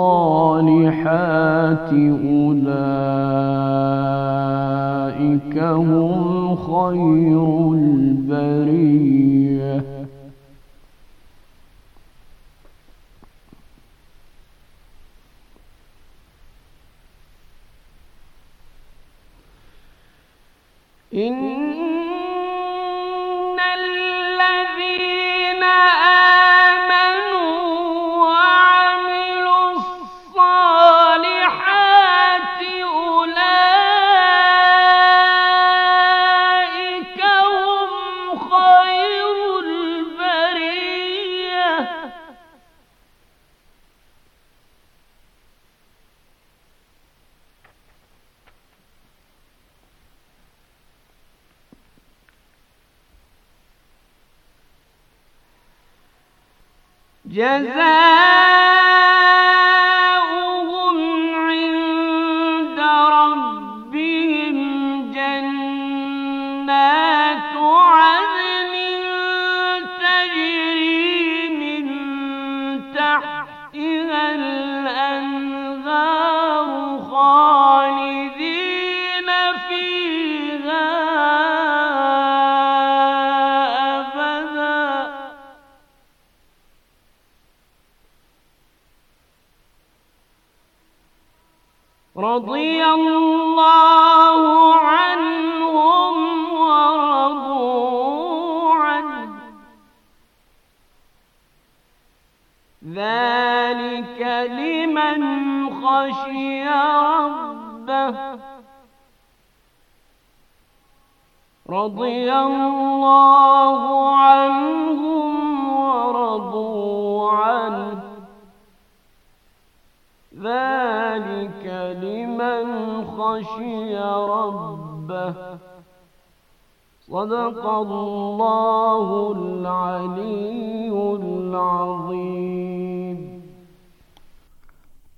الصالحات أولئك هم خير خشي ربه رضي الله عنهم ورضوا عنه ذلك لمن خشي ربه صدق الله العلي العظيم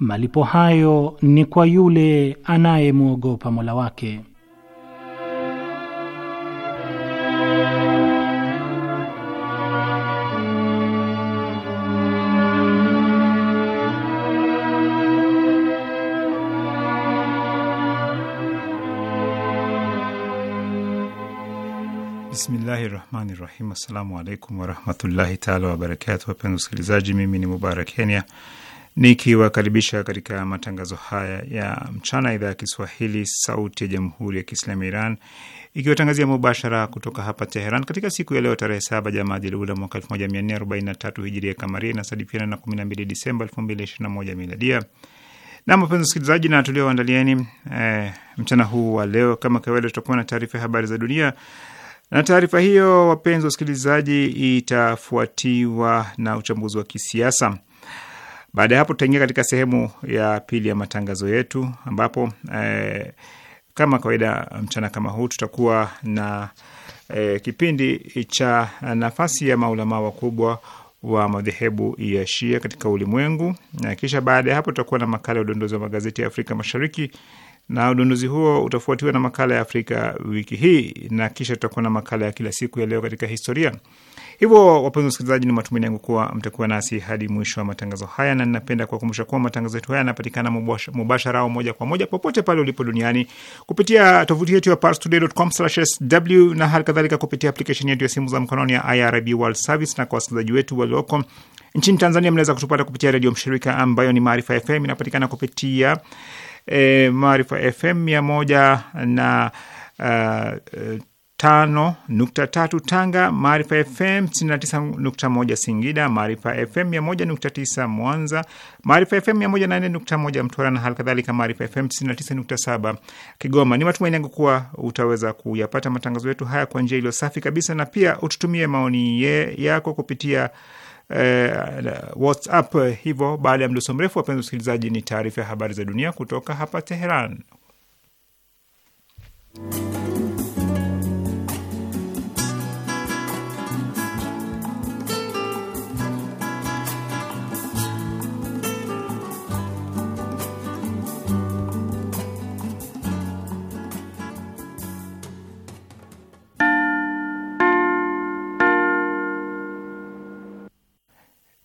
Malipo hayo ni kwa yule anayemwogopa Mola wake. Bismillahi rahmani rahim. Assalamu alaikum warahmatullahi taala wabarakatu. Wapenzi wasikilizaji, mimi ni Mubarak Kenya nikiwakaribisha katika matangazo haya ya mchana, idhaa ya Kiswahili sauti ya jamhuri ya kiislamu ya Iran ikiwatangazia mubashara kutoka hapa Teheran katika siku ya leo tarehe saba Jamaadilula mwaka elfu 1443 hijiria kamaria, inasadifiana na na kumi mbili Disemba elfu mbili moja miladia. Na mpenzi msikilizaji, na tulioandalieni e, mchana huu wa leo, kama kawaida, tutakuwa na taarifa ya habari za dunia na taarifa hiyo, wapenzi wasikilizaji, itafuatiwa na uchambuzi wa kisiasa. Baada ya hapo tutaingia katika sehemu ya pili ya matangazo yetu ambapo eh, kama kawaida mchana kama huu tutakuwa na eh, kipindi cha nafasi ya maulamaa wakubwa wa madhehebu ya Shia katika ulimwengu, na kisha baada ya hapo tutakuwa na makala ya udondozi wa magazeti ya Afrika Mashariki na udunduzi huo utafuatiwa na makala ya Afrika wiki hii na kisha tutakuwa na makala ya kila siku ya leo katika historia. Hivyo wapenzi wasikilizaji, ni matumaini yangu kuwa mtakuwa nasi hadi mwisho wa matangazo haya, na ninapenda kuwakumbusha kuwa matangazo yetu haya yanapatikana mubashara au moja kwa moja popote pale ulipo duniani kupitia tovuti yetu ya parstoday.com/sw na hali kadhalika kupitia aplikesheni yetu ya simu za mkononi ya IRIB World Service, na kwa wasikilizaji wetu walioko nchini Tanzania mnaweza kutupata kupitia redio mshirika ambayo ni Maarifa FM, inapatikana kupitia e, Maarifa FM mia moja na uh, tano nukta tatu Tanga, Maarifa FM tisini na tisa nukta moja Singida, Maarifa FM mia moja nukta tisa Mwanza, Maarifa FM mia moja na nne nukta moja Mtwara na hali kadhalika Maarifa FM tisini na tisa nukta saba Kigoma. Ni matumaini yangu kuwa utaweza kuyapata matangazo yetu haya kwa njia iliyo safi kabisa, na pia ututumie maoni yako kupitia eh, WhatsApp. Eh, hivyo baada ya mdoso mrefu, wapenzi wasikilizaji, ni taarifa ya habari za dunia kutoka hapa Teheran.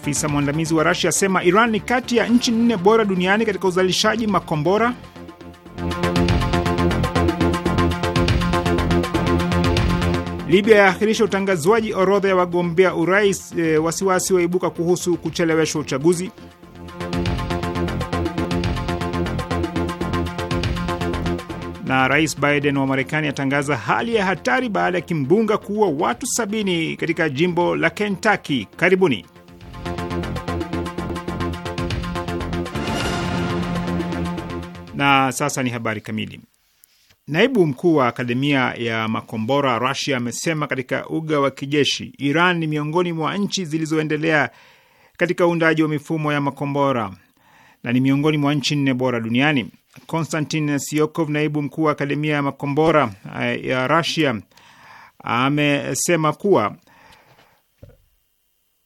Afisa mwandamizi wa Rasia asema Iran ni kati ya nchi nne bora duniani katika uzalishaji makombora. Libya yaakhirisha utangazwaji orodha ya wagombea urais. E, wasiwasi waibuka kuhusu kucheleweshwa uchaguzi. Na Rais Biden wa Marekani atangaza hali ya hatari baada ya kimbunga kuua watu sabini katika jimbo la Kentucky. Karibuni. Na sasa ni habari kamili. Naibu mkuu wa akademia ya makombora Rusia amesema katika uga wa kijeshi, Iran ni miongoni mwa nchi zilizoendelea katika uundaji wa mifumo ya makombora na ni miongoni mwa nchi nne bora duniani. Konstantin Siokov, naibu mkuu wa akademia ya makombora eh, ya Rusia, amesema kuwa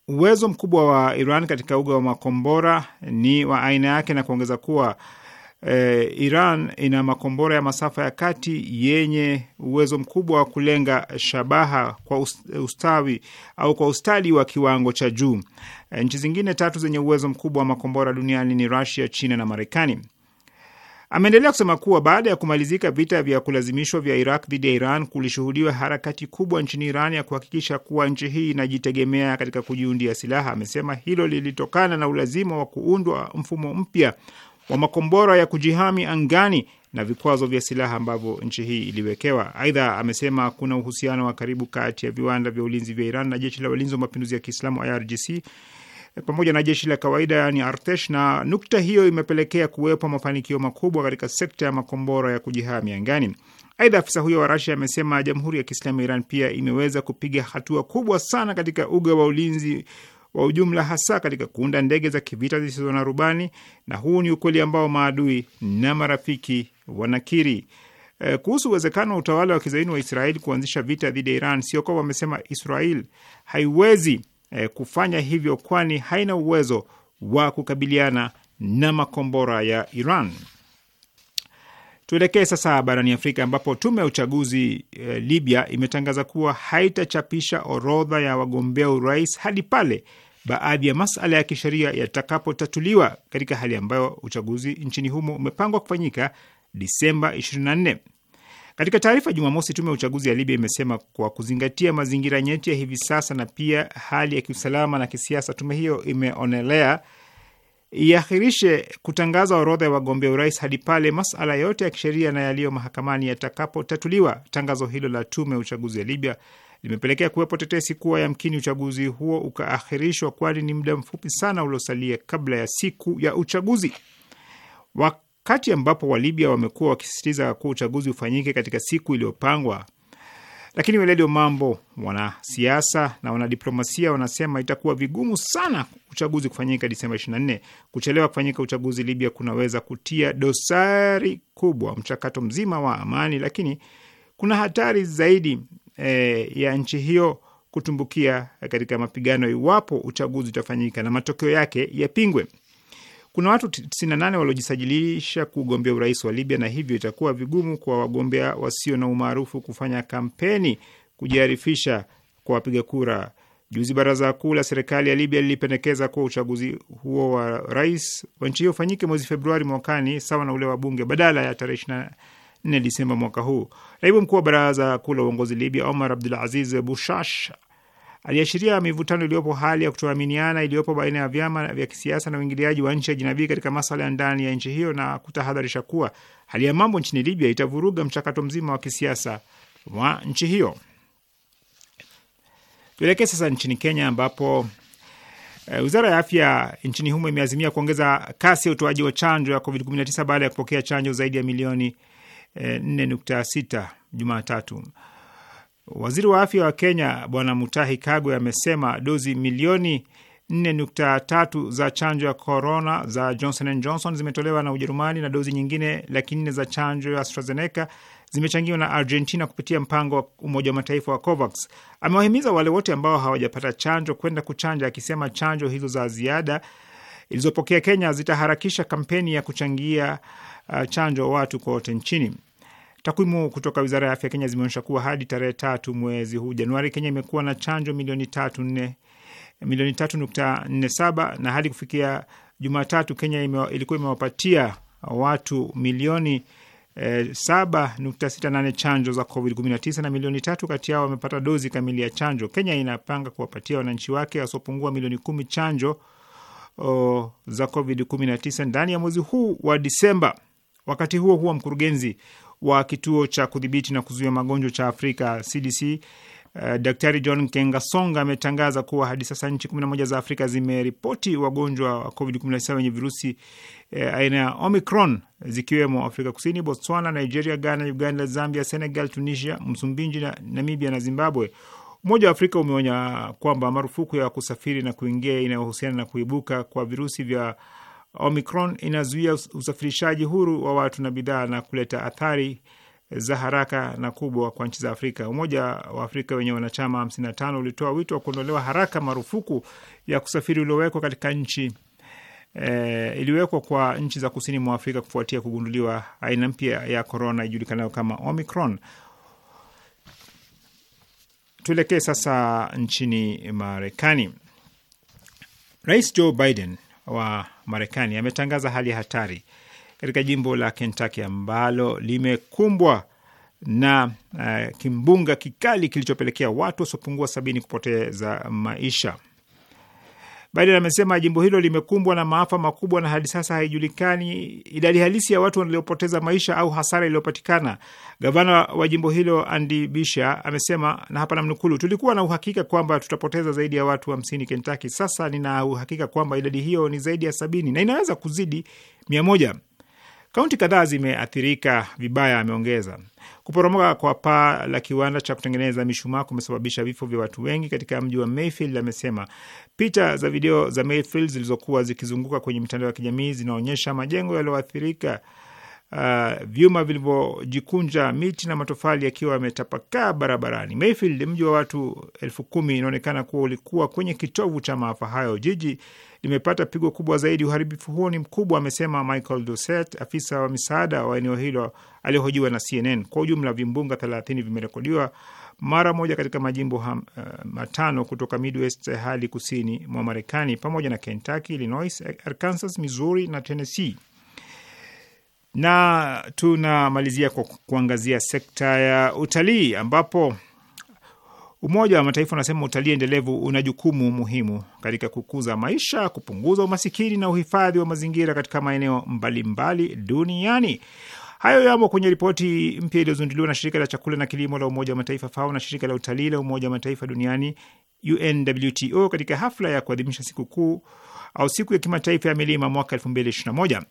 uwezo mkubwa wa Iran katika uga wa makombora ni wa aina yake na kuongeza kuwa e, Iran ina makombora ya masafa ya kati yenye uwezo mkubwa wa kulenga shabaha kwa ustawi au kwa ustadi wa kiwango cha juu. E, nchi zingine tatu zenye uwezo mkubwa wa makombora duniani ni Russia, China na Marekani. Ameendelea kusema kuwa baada ya kumalizika vita vya kulazimishwa vya Iraq dhidi ya Iran kulishuhudiwa harakati kubwa nchini Iran ya kuhakikisha kuwa nchi hii inajitegemea katika kujiundia silaha. Amesema hilo lilitokana na ulazima wa kuundwa mfumo mpya wa makombora ya kujihami angani na vikwazo vya silaha ambavyo nchi hii iliwekewa. Aidha, amesema kuna uhusiano wa karibu kati ya viwanda vya ulinzi vya Iran na jeshi la walinzi wa mapinduzi ya Kiislamu IRGC pamoja na jeshi la kawaida yani Artesh, na nukta hiyo imepelekea kuwepo mafanikio makubwa katika sekta ya makombora ya kujihami angani. Aidha, afisa huyo wa Rasia amesema Jamhuri ya Kiislamu ya Iran pia imeweza kupiga hatua kubwa sana katika uga wa ulinzi wa ujumla, hasa katika kuunda ndege za kivita zisizo na rubani, na huu ni ukweli ambao maadui na marafiki wanakiri. E, kuhusu uwezekano wa utawala wa kizaini wa Israeli kuanzisha vita dhidi ya Iran, Siokow wamesema Israel haiwezi e, kufanya hivyo kwani haina uwezo wa kukabiliana na makombora ya Iran. Tuelekee sasa barani Afrika ambapo tume ya uchaguzi e, Libya imetangaza kuwa haitachapisha orodha ya wagombea urais hadi pale baadhi ya masala ya kisheria yatakapotatuliwa katika hali ambayo uchaguzi nchini humo umepangwa kufanyika Disemba 24. Katika taarifa Jumamosi, tume ya uchaguzi ya Libya imesema kwa kuzingatia mazingira nyeti ya hivi sasa na pia hali ya kiusalama na kisiasa, tume hiyo imeonelea iahirishe kutangaza orodha ya wagombea urais hadi pale masala yote ya kisheria na yaliyo mahakamani yatakapotatuliwa. Tangazo hilo la tume ya uchaguzi ya Libya limepelekea kuwepo tetesi kuwa yamkini uchaguzi huo ukaahirishwa, kwani ni muda mfupi sana uliosalia kabla ya siku ya uchaguzi, wakati ambapo Walibya wamekuwa wakisisitiza kuwa uchaguzi ufanyike katika siku iliyopangwa. Lakini weledi wa mambo, wanasiasa na wanadiplomasia wanasema itakuwa vigumu sana uchaguzi kufanyika Disemba 24. Kuchelewa kufanyika uchaguzi Libya kunaweza kutia dosari kubwa mchakato mzima wa amani, lakini kuna hatari zaidi e, ya nchi hiyo kutumbukia katika mapigano iwapo uchaguzi utafanyika na matokeo yake yapingwe. Kuna watu 98 waliojisajilisha kugombea urais wa Libya na hivyo itakuwa vigumu kwa wagombea wasio na umaarufu kufanya kampeni kujiarifisha kwa wapiga kura. Juzi baraza kuu la serikali ya Libya lilipendekeza kuwa uchaguzi huo wa rais wa nchi hiyo ufanyike mwezi Februari mwakani sawa na ule wa bunge badala ya tarehe 4 Disemba mwaka huu. Naibu mkuu wa baraza kuu la uongozi Libya, Omar Abdul Aziz Bushash, aliashiria mivutano iliyopo, hali ya kutoaminiana iliyopo baina ya vyama vya kisiasa na uingiliaji wa nchi ya jinabii katika masala ya ndani ya nchi hiyo, na kutahadharisha kuwa hali ya mambo nchini Libya itavuruga mchakato mzima wa kisiasa wa nchi hiyo. Tuelekee sasa nchini Kenya ambapo eh, wizara ya afya nchini humo imeazimia kuongeza kasi ya utoaji wa chanjo ya COVID-19 baada ya kupokea chanjo zaidi ya milioni 4.6 eh, Jumatatu. Waziri wa afya wa Kenya Bwana Mutahi Kagwe amesema dozi milioni 4.3 za chanjo ya korona za Johnson and Johnson zimetolewa na Ujerumani na dozi nyingine laki nne za chanjo ya AstraZeneca zimechangiwa na Argentina kupitia mpango wa Umoja wa Mataifa wa COVAX. Amewahimiza wale wote ambao hawajapata chanjo kwenda kuchanja, akisema chanjo hizo za ziada ilizopokea Kenya zitaharakisha kampeni ya kuchangia Uh, chanjo watu kote nchini. Takwimu kutoka wizara ya afya Kenya zimeonyesha kuwa hadi tarehe tatu mwezi huu Januari, Kenya imekuwa na chanjo milioni tatu nne milioni tatu nukta nne saba na hadi kufikia Jumatatu Kenya ime, ilikuwa imewapatia watu milioni E, saba nukta sita nane chanjo za Covid 19 na milioni tatu kati yao wamepata dozi kamili ya chanjo. Kenya inapanga kuwapatia wananchi wake wasiopungua milioni kumi chanjo o, oh, za Covid 19 ndani ya mwezi huu wa Disemba. Wakati huo huo, mkurugenzi wa kituo cha kudhibiti na kuzuia magonjwa cha Afrika CDC Uh, eh, Daktari John Kengasonga ametangaza kuwa hadi sasa nchi 11 za Afrika zimeripoti wagonjwa wa COVID-19 wenye virusi eh, aina ya Omicron zikiwemo Afrika Kusini, Botswana, Nigeria, Ghana, Uganda, Zambia, Senegal, Tunisia, Msumbiji na Namibia na Zimbabwe. Umoja wa Afrika umeonya kwamba marufuku ya kusafiri na kuingia inayohusiana na kuibuka kwa virusi vya Omicron inazuia usafirishaji huru wa watu na bidhaa na kuleta athari za haraka na kubwa kwa nchi za Afrika. Umoja wa Afrika wenye wanachama 55 ulitoa wito wa kuondolewa haraka marufuku ya kusafiri uliowekwa katika nchi e, iliwekwa kwa nchi za kusini mwa Afrika kufuatia kugunduliwa aina mpya ya korona ijulikanayo kama Omicron. Tuelekee sasa nchini Marekani. Rais Joe Biden wa Marekani ametangaza hali ya hatari katika jimbo la Kentucky ambalo limekumbwa na uh, kimbunga kikali kilichopelekea watu wasiopungua sabini kupoteza maisha. Biden amesema jimbo hilo limekumbwa na maafa makubwa na hadi sasa haijulikani idadi halisi ya watu waliopoteza maisha au hasara iliyopatikana. Gavana wa jimbo hilo Andy Bisha amesema, na hapa namnukulu, tulikuwa na uhakika kwamba tutapoteza zaidi ya watu hamsini Kentucky. Sasa nina uhakika kwamba idadi hiyo ni zaidi ya sabini na inaweza kuzidi mia moja. Kaunti kadhaa zimeathirika vibaya, ameongeza. Kuporomoka kwa paa la kiwanda cha kutengeneza mishumaa kumesababisha vifo vya watu wengi katika mji wa Mayfield, amesema. Picha za video za Mayfield zilizokuwa zikizunguka kwenye mitandao ya kijamii zinaonyesha majengo yaliyoathirika uh, vyuma vilivyojikunja, miti na matofali yakiwa yametapakaa barabarani. Mayfield, mji wa watu elfu kumi, inaonekana kuwa ulikuwa kwenye kitovu cha maafa hayo. Jiji limepata pigo kubwa zaidi. Uharibifu huo ni mkubwa, amesema Michael doset afisa wa misaada wa eneo hilo aliyohojiwa na CNN. Kwa ujumla vimbunga thelathini vimerekodiwa mara moja katika majimbo ham, uh, matano kutoka Midwest hadi kusini mwa Marekani pamoja na Kentucky, Illinois, Arkansas, Missouri na Tennessee na tunamalizia kwa kuangazia sekta ya utalii ambapo Umoja wa Mataifa unasema utalii endelevu una jukumu muhimu katika kukuza maisha, kupunguza umasikini na uhifadhi wa mazingira katika maeneo mbalimbali duniani. Hayo yamo kwenye ripoti mpya iliyozinduliwa na shirika la chakula na kilimo la Umoja wa Mataifa FAO na shirika la utalii la Umoja wa Mataifa duniani UNWTO katika hafla ya kuadhimisha sikukuu au siku ya kimataifa ya milima mwaka 2021.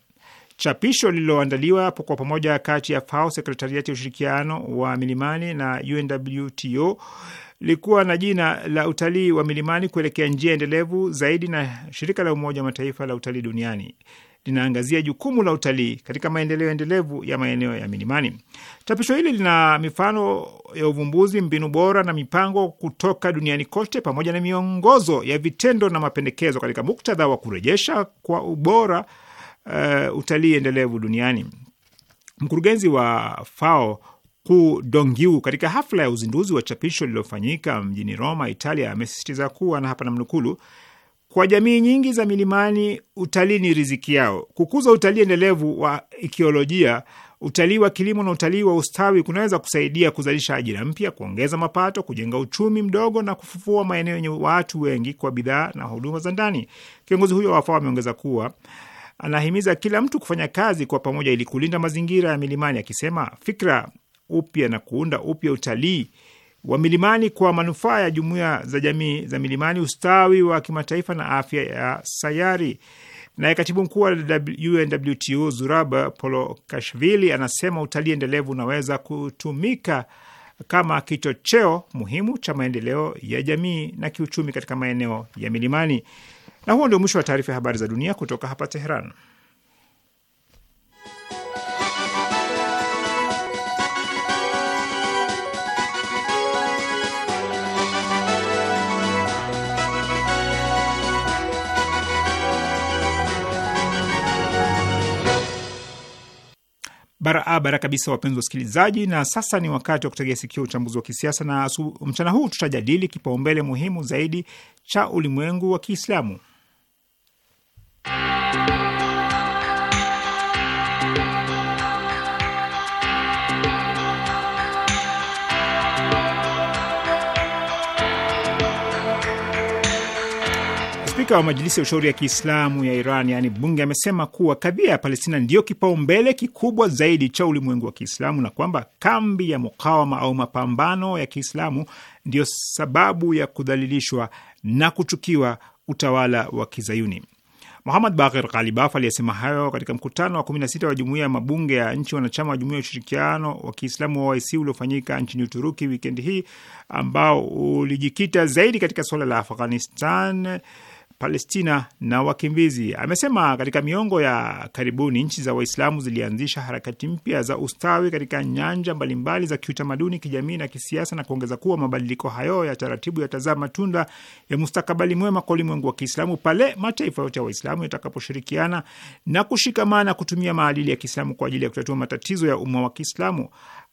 Chapisho lililoandaliwa kwa pamoja kati ya FAO, sekretariati ya ushirikiano wa milimani na UNWTO likuwa na jina la utalii wa milimani kuelekea njia endelevu zaidi, na shirika la Umoja wa Mataifa la utalii duniani linaangazia jukumu la utalii katika maendeleo endelevu ya maeneo ya milimani. Chapisho hili lina mifano ya uvumbuzi, mbinu bora na mipango kutoka duniani kote, pamoja na miongozo ya vitendo na mapendekezo katika muktadha wa kurejesha kwa ubora uh, utalii endelevu duniani. Mkurugenzi wa FAO Ku Dongyu katika hafla ya uzinduzi wa chapisho lililofanyika mjini Roma, Italia, amesisitiza kuwa na hapa namnukulu, kwa jamii nyingi za milimani utalii ni riziki yao. Kukuza utalii endelevu wa ikiolojia, utalii wa kilimo na utalii wa ustawi kunaweza kusaidia kuzalisha ajira mpya, kuongeza mapato, kujenga uchumi mdogo na kufufua maeneo yenye watu wengi kwa bidhaa na huduma za ndani. Kiongozi huyo wa FAO ameongeza kuwa anahimiza kila mtu kufanya kazi kwa pamoja ili kulinda mazingira ya milimani, akisema fikra upya na kuunda upya utalii wa milimani kwa manufaa ya jumuiya za jamii za milimani, ustawi wa kimataifa na afya ya sayari. Naye katibu mkuu wa UNWTO Zurab Polokashvili anasema utalii endelevu unaweza kutumika kama kichocheo muhimu cha maendeleo ya jamii na kiuchumi katika maeneo ya milimani. Na huo ndio mwisho wa taarifa ya habari za dunia kutoka hapa Teheran. Barabara ah, kabisa, wapenzi wasikilizaji, na sasa ni wakati wa kutegea sikio uchambuzi wa kisiasa, na mchana huu tutajadili kipaumbele muhimu zaidi cha ulimwengu wa Kiislamu. Spika wa Majilisi ya Ushauri ya Kiislamu ya Iran, yaani bunge, amesema kuwa kadhia ya Palestina ndiyo kipaumbele kikubwa zaidi cha ulimwengu wa Kiislamu na kwamba kambi ya mukawama au mapambano ya Kiislamu ndiyo sababu ya kudhalilishwa na kuchukiwa utawala wa Kizayuni. Muhamad Bakir Kalibaf aliyesema hayo katika mkutano wa 16 wa jumuiya ya mabunge ya nchi wanachama wa jumuiya ya ushirikiano wa Kiislamu wa OIC uliofanyika nchini Uturuki wikendi hii, ambao ulijikita zaidi katika suala la Afghanistan Palestina na wakimbizi. Amesema katika miongo ya karibuni nchi za Waislamu zilianzisha harakati mpya za ustawi katika nyanja mbalimbali za kiutamaduni, kijamii na kisiasa, na kuongeza kuwa mabadiliko hayo ya taratibu yatazaa matunda ya mustakabali mwema kwa ulimwengu wa Kiislamu pale mataifa yote ya Waislamu yatakaposhirikiana na kushikamana kutumia maadili ya Kiislamu kwa ajili ya kutatua matatizo ya umma wa Kiislamu.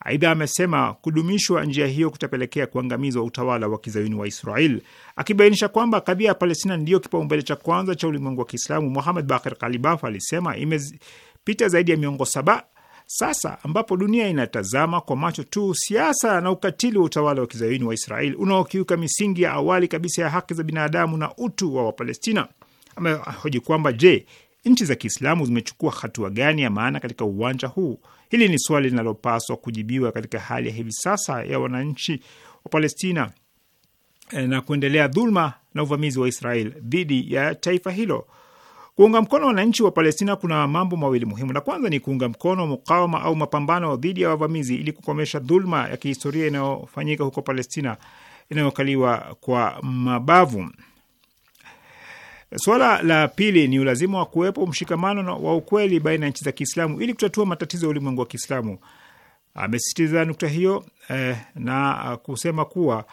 Aidha amesema kudumishwa njia hiyo kutapelekea kuangamizwa utawala wa kizayuni wa Israel, akibainisha kwamba kadhia ya Palestina ndiyo kipaumbele cha kwanza cha ulimwengu wa Kiislamu. Muhamed Bakir Kalibaf alisema imepita zaidi ya miongo saba sasa ambapo dunia inatazama kwa macho tu siasa na ukatili wa utawala wa kizayuni wa Israel unaokiuka misingi ya awali kabisa ya haki za binadamu na utu wa Wapalestina. Amehoji kwamba je, nchi za Kiislamu zimechukua hatua gani ya maana katika uwanja huu? Hili ni swali linalopaswa kujibiwa katika hali ya hivi sasa ya wananchi wa Palestina eh, na kuendelea dhuluma na uvamizi wa Israel dhidi ya taifa hilo. Kuunga mkono wananchi wa Palestina kuna mambo mawili muhimu. La kwanza ni kuunga mkono mukawama au mapambano dhidi ya wavamizi ili kukomesha dhuluma ya kihistoria inayofanyika huko Palestina inayokaliwa kwa mabavu. Suala la pili ni ulazima wa kuwepo mshikamano wa ukweli baina ya nchi za Kiislamu ili kutatua matatizo ya ulimwengu wa Kiislamu. Amesisitiza nukta hiyo eh, na ah, kusema kuwa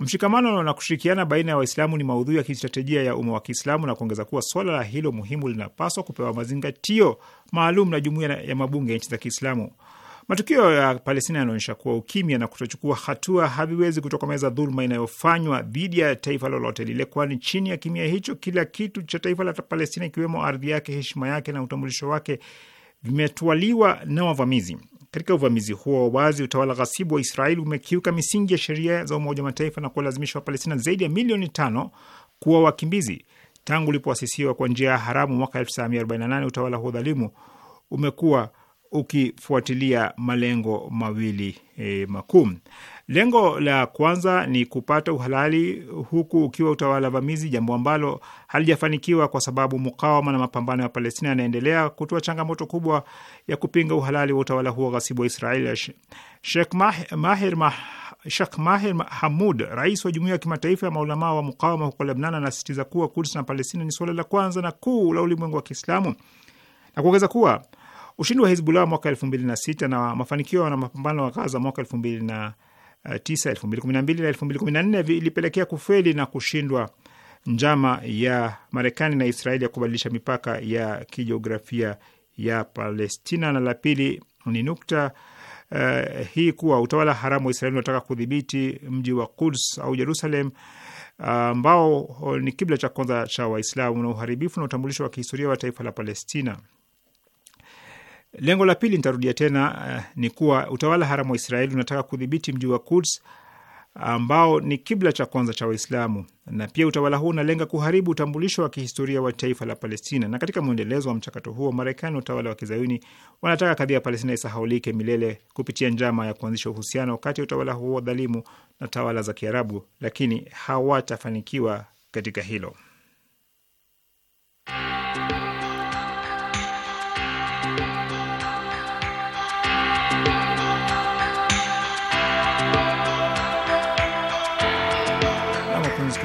mshikamano na kushirikiana baina ya Waislamu ni maudhui ya kistratejia ya umma wa Kiislamu na kuongeza kuwa swala la hilo muhimu linapaswa kupewa mazingatio maalum na jumuiya ya mabunge ya nchi za Kiislamu. Matukio ya Palestina yanaonyesha kuwa ukimya na kutochukua hatua haviwezi kutokomeza dhuluma inayofanywa dhidi ya taifa lolote lile, kwani chini ya kimya hicho kila kitu cha taifa la Palestina, ikiwemo ardhi yake, heshima yake na utambulisho wake, vimetwaliwa na wavamizi. Katika uvamizi huo wa wazi, utawala ghasibu wa Israeli umekiuka misingi ya sheria za Umoja wa Mataifa na kuwalazimisha Wapalestina zaidi ya milioni tano kuwa wakimbizi. Tangu ulipoasisiwa kwa njia ya haramu mwaka 1948 utawala huo dhalimu umekuwa ukifuatilia malengo mawili e, makuu. Lengo la kwanza ni kupata uhalali huku ukiwa utawala vamizi, jambo ambalo halijafanikiwa kwa sababu mukawama na mapambano ya Palestina yanaendelea kutoa changamoto kubwa ya kupinga uhalali wa utawala huo ghasibu wa Israeli. Sheikh Maher, Mah, Sheikh Maher Hamud, rais wa jumuiya ya kimataifa ya maulamaa wa mukawama huko Lebnan, anasisitiza kuwa Kuds na Palestina ni suala la kwanza na kuu la ulimwengu wa Kiislamu na kuongeza kuwa Ushindi wa Hizbullah mwaka elfu mbili na sita na mafanikio na mapambano wa Gaza mwaka elfu mbili na eh, tisa, elfu mbili kumi na mbili na elfu mbili kumi na nne vilipelekea kufeli na kushindwa njama ya Marekani na Israeli ya kubadilisha mipaka ya kijiografia ya Palestina. Na la pili ni nukta uh, hii kuwa utawala haramu wa Israeli unataka kudhibiti mji wa Kuds au Jerusalem ambao uh, ni kibla cha kwanza cha Waislamu na uharibifu na utambulisho wa kihistoria wa taifa la Palestina. Lengo la pili, nitarudia tena, uh, ni kuwa utawala haramu wa Israeli unataka kudhibiti mji wa Kuds ambao ni kibla cha kwanza cha Waislamu, na pia utawala huu unalenga kuharibu utambulisho wa kihistoria wa taifa la Palestina. Na katika mwendelezo wa mchakato huo, Marekani na utawala wa kizayuni wanataka kadhia ya Palestina isahaulike milele kupitia njama ya kuanzisha uhusiano kati ya utawala huo dhalimu na tawala za Kiarabu, lakini hawatafanikiwa katika hilo.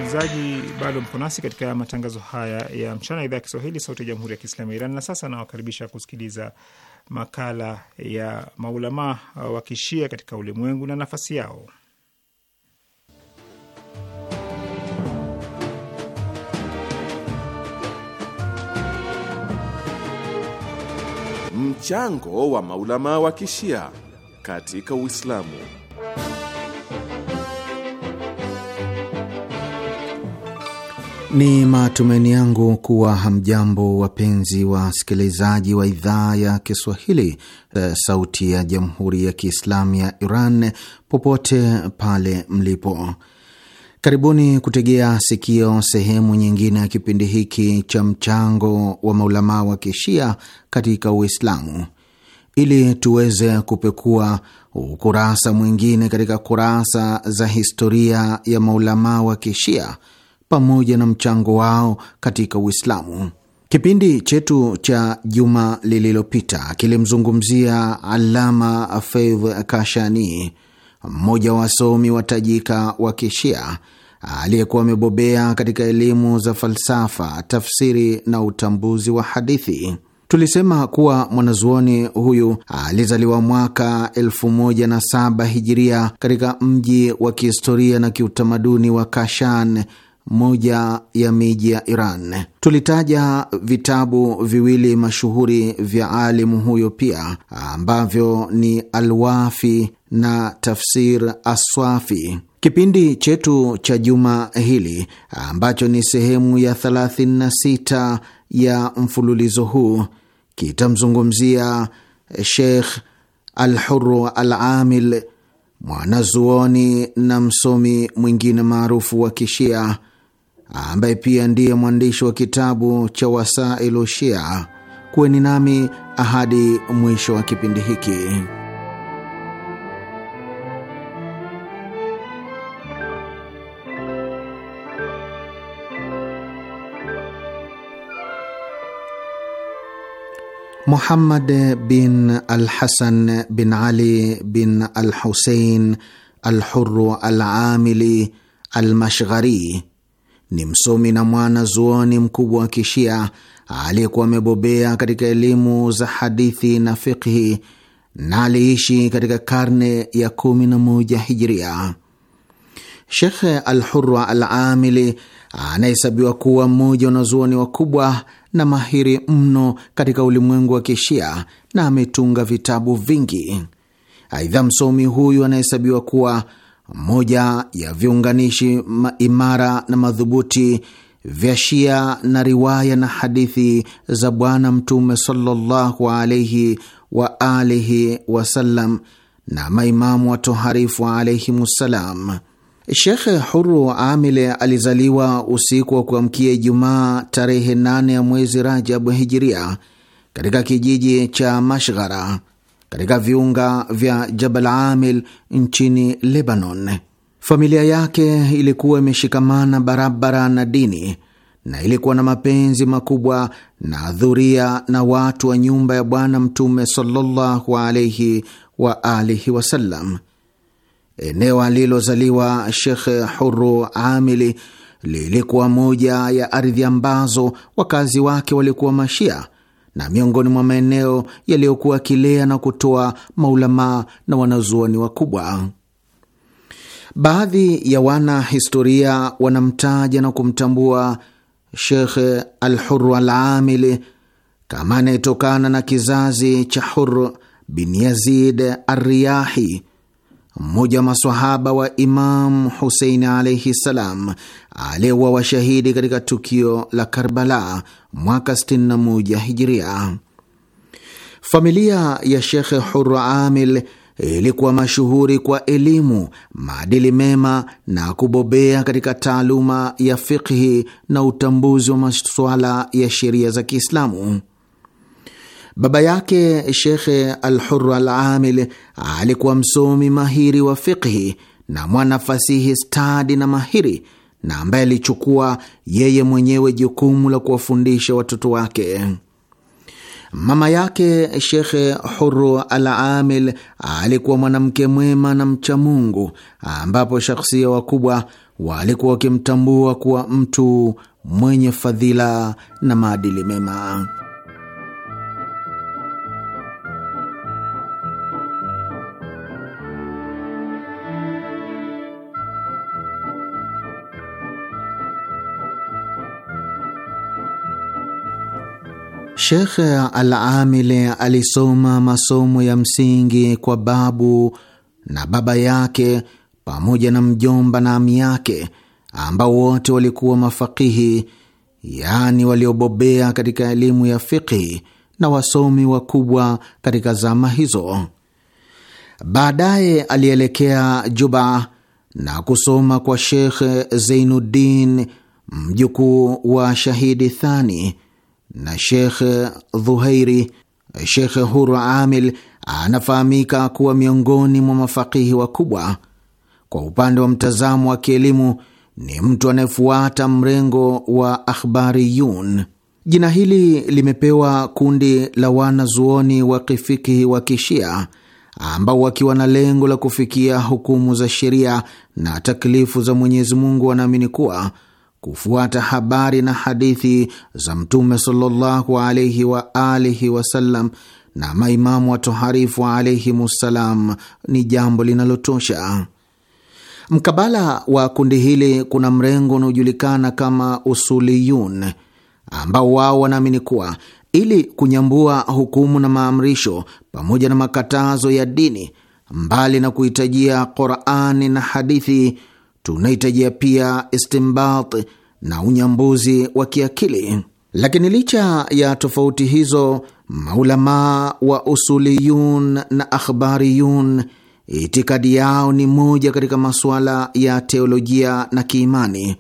msikilizaji, bado mko nasi katika matangazo haya ya mchana, idhaa ya Kiswahili, sauti ya jamhuri ya kiislamu ya Iran. Na sasa nawakaribisha kusikiliza makala ya maulamaa wa kishia katika ulimwengu na nafasi yao. Mchango wa maulamaa wa kishia katika Uislamu. Ni matumaini yangu kuwa hamjambo, wapenzi wa wasikilizaji wa idhaa ya Kiswahili, eh, Sauti ya Jamhuri ya Kiislamu ya Iran, popote pale mlipo. Karibuni kutegea sikio sehemu nyingine ya kipindi hiki cha mchango wa maulamaa wa kishia katika Uislamu, ili tuweze kupekua ukurasa mwingine katika kurasa za historia ya maulamaa wa kishia pamoja na mchango wao katika Uislamu. Kipindi chetu cha juma lililopita kilimzungumzia Alama Faidh Kashani, mmoja wa wasomi tajika wa Kishia aliyekuwa amebobea katika elimu za falsafa, tafsiri na utambuzi wa hadithi. Tulisema kuwa mwanazuoni huyu alizaliwa mwaka 1007 hijiria katika mji wa kihistoria na kiutamaduni wa Kashan moja ya miji ya Iran. Tulitaja vitabu viwili mashuhuri vya alimu huyo pia ambavyo ni Alwafi na Tafsir Aswafi. Kipindi chetu cha juma hili ambacho ni sehemu ya 36 ya mfululizo huu kitamzungumzia Sheikh Alhuru Alamil, mwanazuoni na msomi mwingine maarufu wa Kishia ambaye pia ndiye mwandishi wa kitabu cha Wasailu Shia. Kuweni nami ahadi mwisho wa kipindi hiki. Muhammad bin Alhasan bin Ali bin Alhusein Alhuru Alamili Almashghari ni msomi na mwana zuoni mkubwa wa Kishia aliyekuwa amebobea katika elimu za hadithi na fikhi na aliishi katika karne ya kumi na moja hijiria. Shekh Alhurwa Al Amili anahesabiwa kuwa mmoja wanazuoni wakubwa na mahiri mno katika ulimwengu wa Kishia na ametunga vitabu vingi. Aidha, msomi huyu anahesabiwa kuwa moja ya viunganishi imara na madhubuti vya Shia na riwaya na hadithi za Bwana Mtume sallallahu alaihi wa alihi wasallam na maimamu watoharifu alaihimussalam. Shekhe Huru Amile alizaliwa usiku wa kuamkia Ijumaa tarehe 8 ya mwezi rajabu hijiria katika kijiji cha Mashghara katika viunga vya Jabal Amil nchini Lebanon. Familia yake ilikuwa imeshikamana barabara na dini na ilikuwa na mapenzi makubwa na dhuria na watu wa nyumba ya Bwana Mtume sallallahu alaihi wa alihi wasallam. Eneo alilozaliwa Shekh Huru Amili lilikuwa moja ya ardhi ambazo wakazi wake walikuwa Mashia na miongoni mwa maeneo yaliyokuwa akilea na kutoa maulamaa na wanazuoni wakubwa. Baadhi ya wana historia wanamtaja na kumtambua Shekh Alhuru Alamili kama anayetokana na kizazi cha Hur bin Yazid Arriyahi mmoja wa maswahaba wa Imam Husein alaihi ssalam, aliyewa washahidi katika tukio la Karbala mwaka 61 Hijiria. Familia ya Shekhe hura Amil ilikuwa mashuhuri kwa elimu, maadili mema na kubobea katika taaluma ya fikhi na utambuzi wa masuala ya sheria za Kiislamu. Baba yake Shekhe Alhuru alamil alikuwa msomi mahiri wa fiqhi na mwanafasihi stadi na mahiri na ambaye alichukua yeye mwenyewe jukumu la kuwafundisha watoto wake. Mama yake Shekhe Huru al Amil alikuwa mwanamke mwema na mchamungu, ambapo shakhsia wakubwa walikuwa wakimtambua kuwa mtu mwenye fadhila na maadili mema. shekhe Alamile alisoma masomo ya msingi kwa babu na baba yake pamoja na mjomba na ami yake ambao wote walikuwa mafakihi, yaani waliobobea katika elimu ya fiqhi na wasomi wakubwa katika zama hizo. Baadaye alielekea Juba na kusoma kwa Shekh Zeinuddin, mjukuu wa Shahidi Thani na Shekh Dhuhairi. Shekh Huru Amil anafahamika kuwa miongoni mwa mafakihi wakubwa. Kwa upande wa mtazamo wa kielimu, ni mtu anayefuata mrengo wa akhbariyun. Jina hili limepewa kundi la wanazuoni wa kifiki wa Kishia ambao wakiwa na lengo la kufikia hukumu za sheria na taklifu za Mwenyezi Mungu wanaamini kuwa kufuata habari na hadithi za Mtume sallallahu alaihi wa alihi wasallam na maimamu watoharifu alaihimussalam ni jambo linalotosha. Mkabala wa kundi hili kuna mrengo unaojulikana kama usuliyun ambao wao wanaamini kuwa ili kunyambua hukumu na maamrisho pamoja na makatazo ya dini, mbali na kuhitajia Qurani na hadithi, tunahitajia pia istimbat na unyambuzi wa kiakili. Lakini licha ya tofauti hizo, maulamaa wa usuliyun na akhbariyun itikadi yao ni moja katika masuala ya teolojia na kiimani.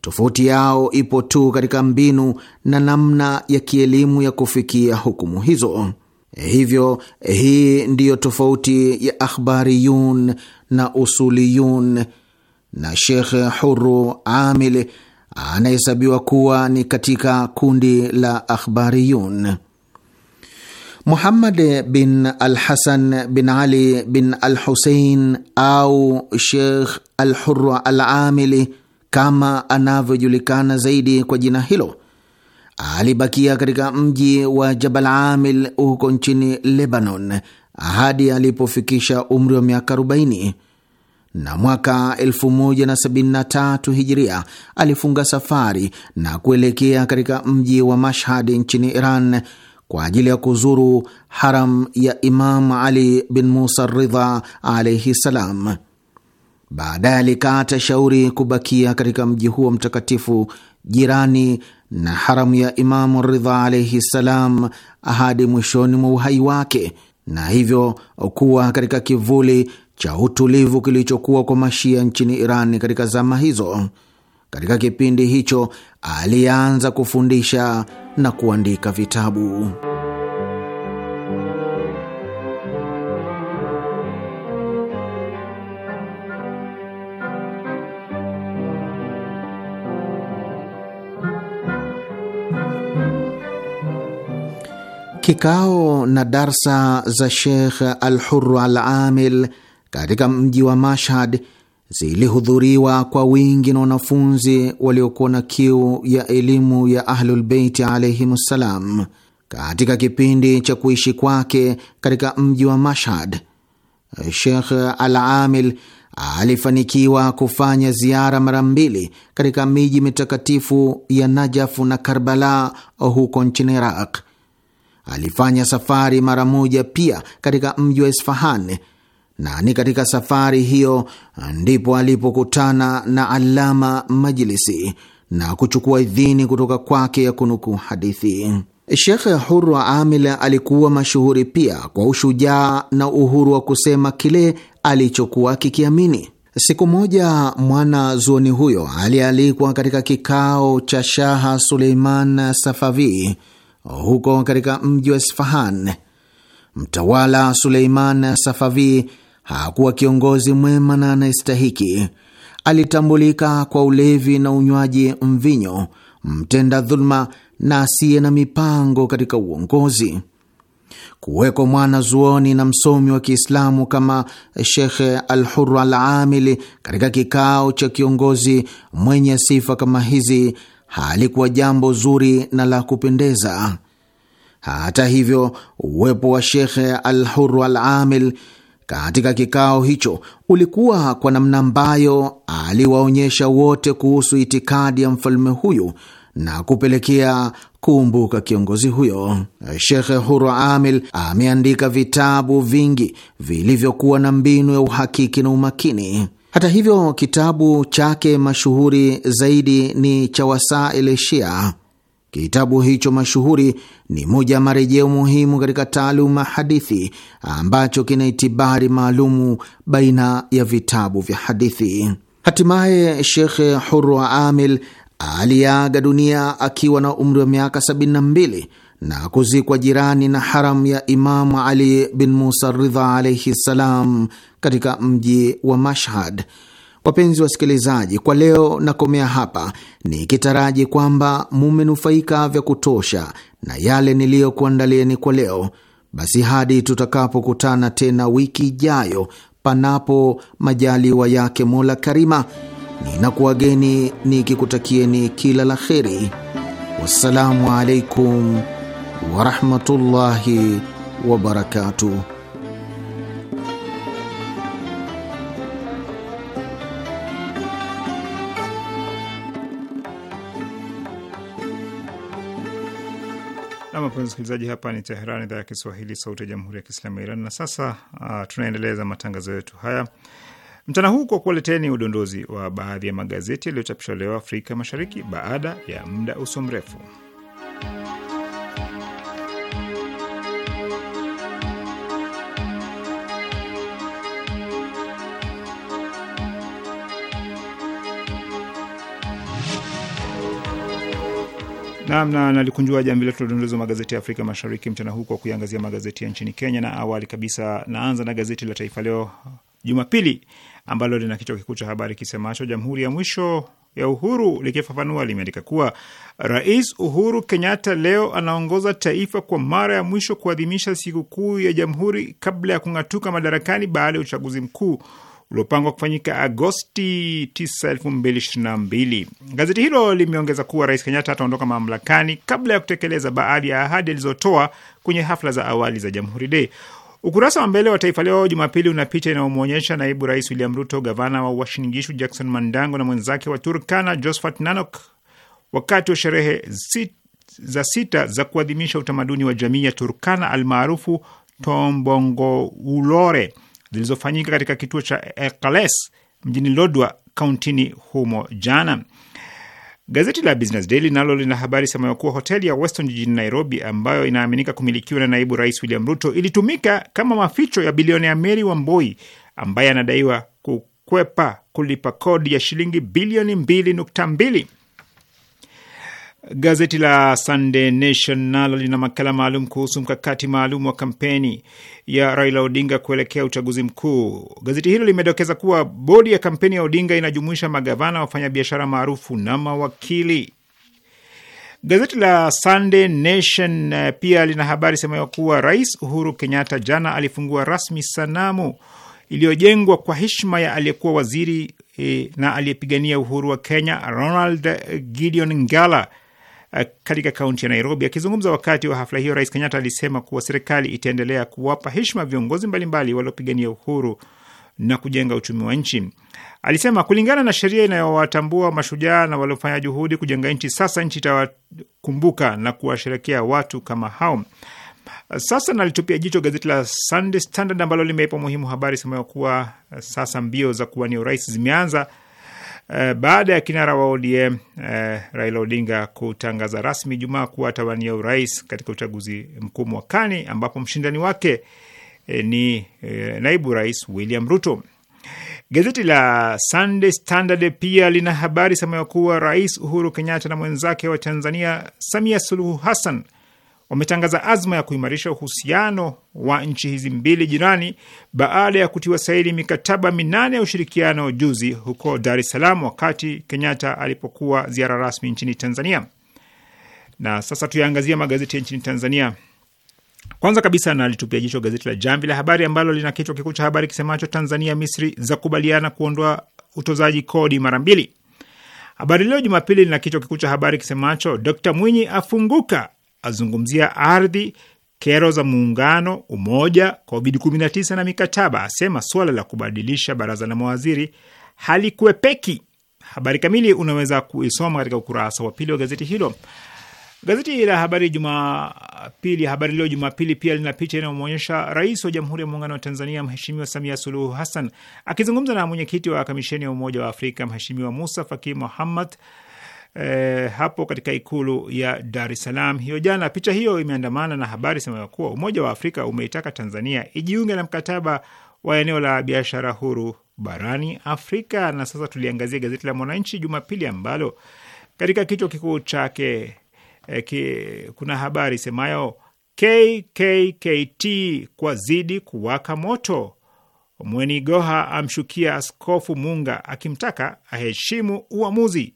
Tofauti yao ipo tu katika mbinu na namna ya kielimu ya kufikia hukumu hizo. Hivyo hii ndiyo tofauti ya akhbariyun na usuliyun na Shekh Huru Amil anahesabiwa kuwa ni katika kundi la Akhbariyun. Muhammad bin al Hasan bin Ali bin al Husein au Shekh al Huru al Amili kama anavyojulikana zaidi kwa jina hilo alibakia katika mji wa Jabal Amil huko nchini Lebanon hadi alipofikisha umri wa miaka 40 na mwaka 1073 hijiria alifunga safari na kuelekea katika mji wa Mashhad nchini Iran kwa ajili ya kuzuru haram ya Imam Ali bin Musa Ridha alaihi salam. Baadaye alikata shauri kubakia katika mji huo mtakatifu jirani na haramu ya Imamu Ridha alaihi salam hadi mwishoni mwa uhai wake, na hivyo kuwa katika kivuli cha utulivu kilichokuwa kwa Mashia nchini Iran katika zama hizo. Katika kipindi hicho alianza kufundisha na kuandika vitabu. Kikao na darsa za Sheikh Alhuru Alamil katika mji wa Mashhad zilihudhuriwa kwa wingi na wanafunzi waliokuwa na kiu ya elimu ya Ahlulbeiti alaihimussalam. Katika kipindi cha kuishi kwake katika mji wa Mashhad, Shekh Al Amil alifanikiwa kufanya ziara mara mbili katika miji mitakatifu ya Najafu na Karbala huko nchini Iraq. Alifanya safari mara moja pia katika mji wa Isfahan na ni katika safari hiyo ndipo alipokutana na Alama Majlisi na kuchukua idhini kutoka kwake ya kunukuu hadithi. Shekhe Huru Amil alikuwa mashuhuri pia kwa ushujaa na uhuru wa kusema kile alichokuwa kikiamini Siku moja mwana zuoni huyo alialikwa katika kikao cha Shaha Suleiman Safavi huko katika mji wa Isfahan. Mtawala Suleiman Safavi hakuwa kiongozi mwema na anayestahiki. Alitambulika kwa ulevi na unywaji mvinyo, mtenda dhuluma na asiye na mipango katika uongozi. kuweko mwana zuoni na msomi wa Kiislamu kama Shekhe Huru Al Amili katika kikao cha kiongozi mwenye sifa kama hizi halikuwa jambo zuri na la kupendeza. Hata hivyo, uwepo wa Shekhe Huru Al Amil katika kikao hicho ulikuwa kwa namna ambayo aliwaonyesha wote kuhusu itikadi ya mfalme huyu na kupelekea kuumbuka kiongozi huyo. Shekhe Huru Amil ameandika vitabu vingi vilivyokuwa na mbinu ya uhakiki na umakini. Hata hivyo, kitabu chake mashuhuri zaidi ni cha Wasail Shia. Kitabu hicho mashuhuri ni moja ya marejeo muhimu katika taaluma hadithi ambacho kina itibari maalumu baina ya vitabu vya hadithi. Hatimaye Shekhe Hurwa Amil aliyeaga dunia akiwa na umri wa miaka 72 na kuzikwa jirani na haram ya Imamu Ali bin Musa Ridha alaihi ssalam katika mji wa Mashhad. Wapenzi wasikilizaji, kwa leo nakomea hapa nikitaraji kwamba mumenufaika vya kutosha na yale niliyokuandalieni kwa leo. Basi hadi tutakapokutana tena wiki ijayo, panapo majaliwa yake Mola Karima, ninakuwageni nikikutakieni kila la kheri. Wassalamu alaikum warahmatullahi wabarakatuh. mapenzi msikilizaji, hapa ni Teheran, idhaa ya Kiswahili, sauti ya jamhuri ya kiislamu ya Iran. Na sasa uh, tunaendeleza matangazo yetu haya mchana huu kwa kuwaleteni udondozi wa baadhi ya magazeti yaliyochapishwa leo Afrika Mashariki baada ya muda usio mrefu. Namna nalikunjua jambo letu la magazeti ya Afrika Mashariki mchana huu kwa kuiangazia magazeti ya nchini Kenya, na awali kabisa naanza na gazeti la Taifa Leo Jumapili ambalo lina kichwa kikuu cha habari kisemacho jamhuri ya mwisho ya uhuru. Likifafanua, limeandika kuwa Rais Uhuru Kenyatta leo anaongoza taifa kwa mara ya mwisho kuadhimisha sikukuu ya Jamhuri kabla ya kung'atuka madarakani baada ya uchaguzi mkuu uliopangwa kufanyika Agosti 9, 2022. Gazeti hilo limeongeza kuwa Rais Kenyatta ataondoka mamlakani kabla ya kutekeleza baadhi ya ahadi alizotoa kwenye hafla za awali za Jamhuri Day. Ukurasa wa mbele wa Taifa Leo Jumapili una picha inayomwonyesha naibu rais William Ruto, gavana wa Uasin Gishu Jackson Mandango na mwenzake wa Turkana Josphat Nanok wakati wa sherehe za sita za kuadhimisha utamaduni wa jamii ya Turkana almaarufu Tombongoulore zilizofanyika katika kituo cha Ekales mjini Lodwa kauntini humo jana. Gazeti la Business Daily nalo lina habari semayo kuwa hoteli ya Weston jijini Nairobi, ambayo inaaminika kumilikiwa na naibu rais William Ruto, ilitumika kama maficho ya bilionea Mary Wamboi ambaye anadaiwa kukwepa kulipa kodi ya shilingi bilioni mbili nukta mbili. Gazeti la Sunday Nation nalo lina makala maalum kuhusu mkakati maalum wa kampeni ya Raila Odinga kuelekea uchaguzi mkuu. Gazeti hilo limedokeza kuwa bodi ya kampeni ya Odinga inajumuisha magavana, wafanyabiashara maarufu na mawakili. Gazeti la Sunday Nation eh, pia lina habari semayo kuwa Rais Uhuru Kenyatta jana alifungua rasmi sanamu iliyojengwa kwa heshima ya aliyekuwa waziri eh, na aliyepigania uhuru wa Kenya Ronald Gideon Ngala Eh, katika kaunti ya Nairobi. Akizungumza wakati wa hafla hiyo, Rais Kenyatta alisema kuwa serikali itaendelea kuwapa heshima viongozi mbalimbali waliopigania uhuru na kujenga uchumi wa nchi. Alisema kulingana na sheria inayowatambua mashujaa na waliofanya juhudi kujenga nchi, sasa nchi itawakumbuka na kuwasherekea watu kama hao. Sasa nalitupia jicho gazeti la Sunday Standard ambalo limeipa muhimu habari semayo kuwa sasa mbio za kuwania urais zimeanza Eh, baada ya kinara wa ODM eh, Raila Odinga kutangaza rasmi jumaa kuwa atawania urais katika uchaguzi mkuu mwakani ambapo mshindani wake eh, ni eh, naibu rais William Ruto. Gazeti la Sunday Standard pia lina habari sema kuwa Rais Uhuru Kenyatta na mwenzake wa Tanzania Samia Suluhu Hassan wametangaza azma ya kuimarisha uhusiano wa nchi hizi mbili jirani baada ya kutiwa saini mikataba minane ya ushirikiano juzi huko Dar es Salaam wakati Kenyatta alipokuwa ziara rasmi nchini Tanzania. Na sasa tuyaangazia magazeti ya nchini Tanzania. Kwanza kabisa nalitupia jicho gazeti la Jamvi la Habari ambalo lina kichwa kikuu cha habari kisemacho Tanzania Misri za kubaliana kuondoa utozaji kodi mara mbili. Habari Leo Jumapili lina kichwa kikuu cha habari kisemacho Dkt Mwinyi afunguka azungumzia ardhi, kero za muungano, umoja, Covid 19 na mikataba. Asema suala la kubadilisha baraza la mawaziri halikuepeki. Habari kamili unaweza kuisoma katika ukurasa wa pili wa gazeti hilo. Gazeti la Habari Jumapili, Habari Leo Jumapili, pia lina picha inayomwonyesha Rais wa Jamhuri ya Muungano wa Tanzania, Mheshimiwa Samia Suluhu Hassan akizungumza na mwenyekiti wa Kamisheni ya Umoja wa Afrika, Mheshimiwa Musa Faki Muhammad eh, hapo katika ikulu ya Dar es Salaam hiyo jana. Picha hiyo imeandamana na habari semayo kuwa Umoja wa Afrika umeitaka Tanzania ijiunge na mkataba wa eneo la biashara huru barani Afrika. Na sasa tuliangazia gazeti la Mwananchi Jumapili ambalo katika kichwa kikuu chake eh, ki, kuna habari semayo KKKT kwa zidi kuwaka moto. Mweni Goha amshukia Askofu Munga akimtaka aheshimu uamuzi.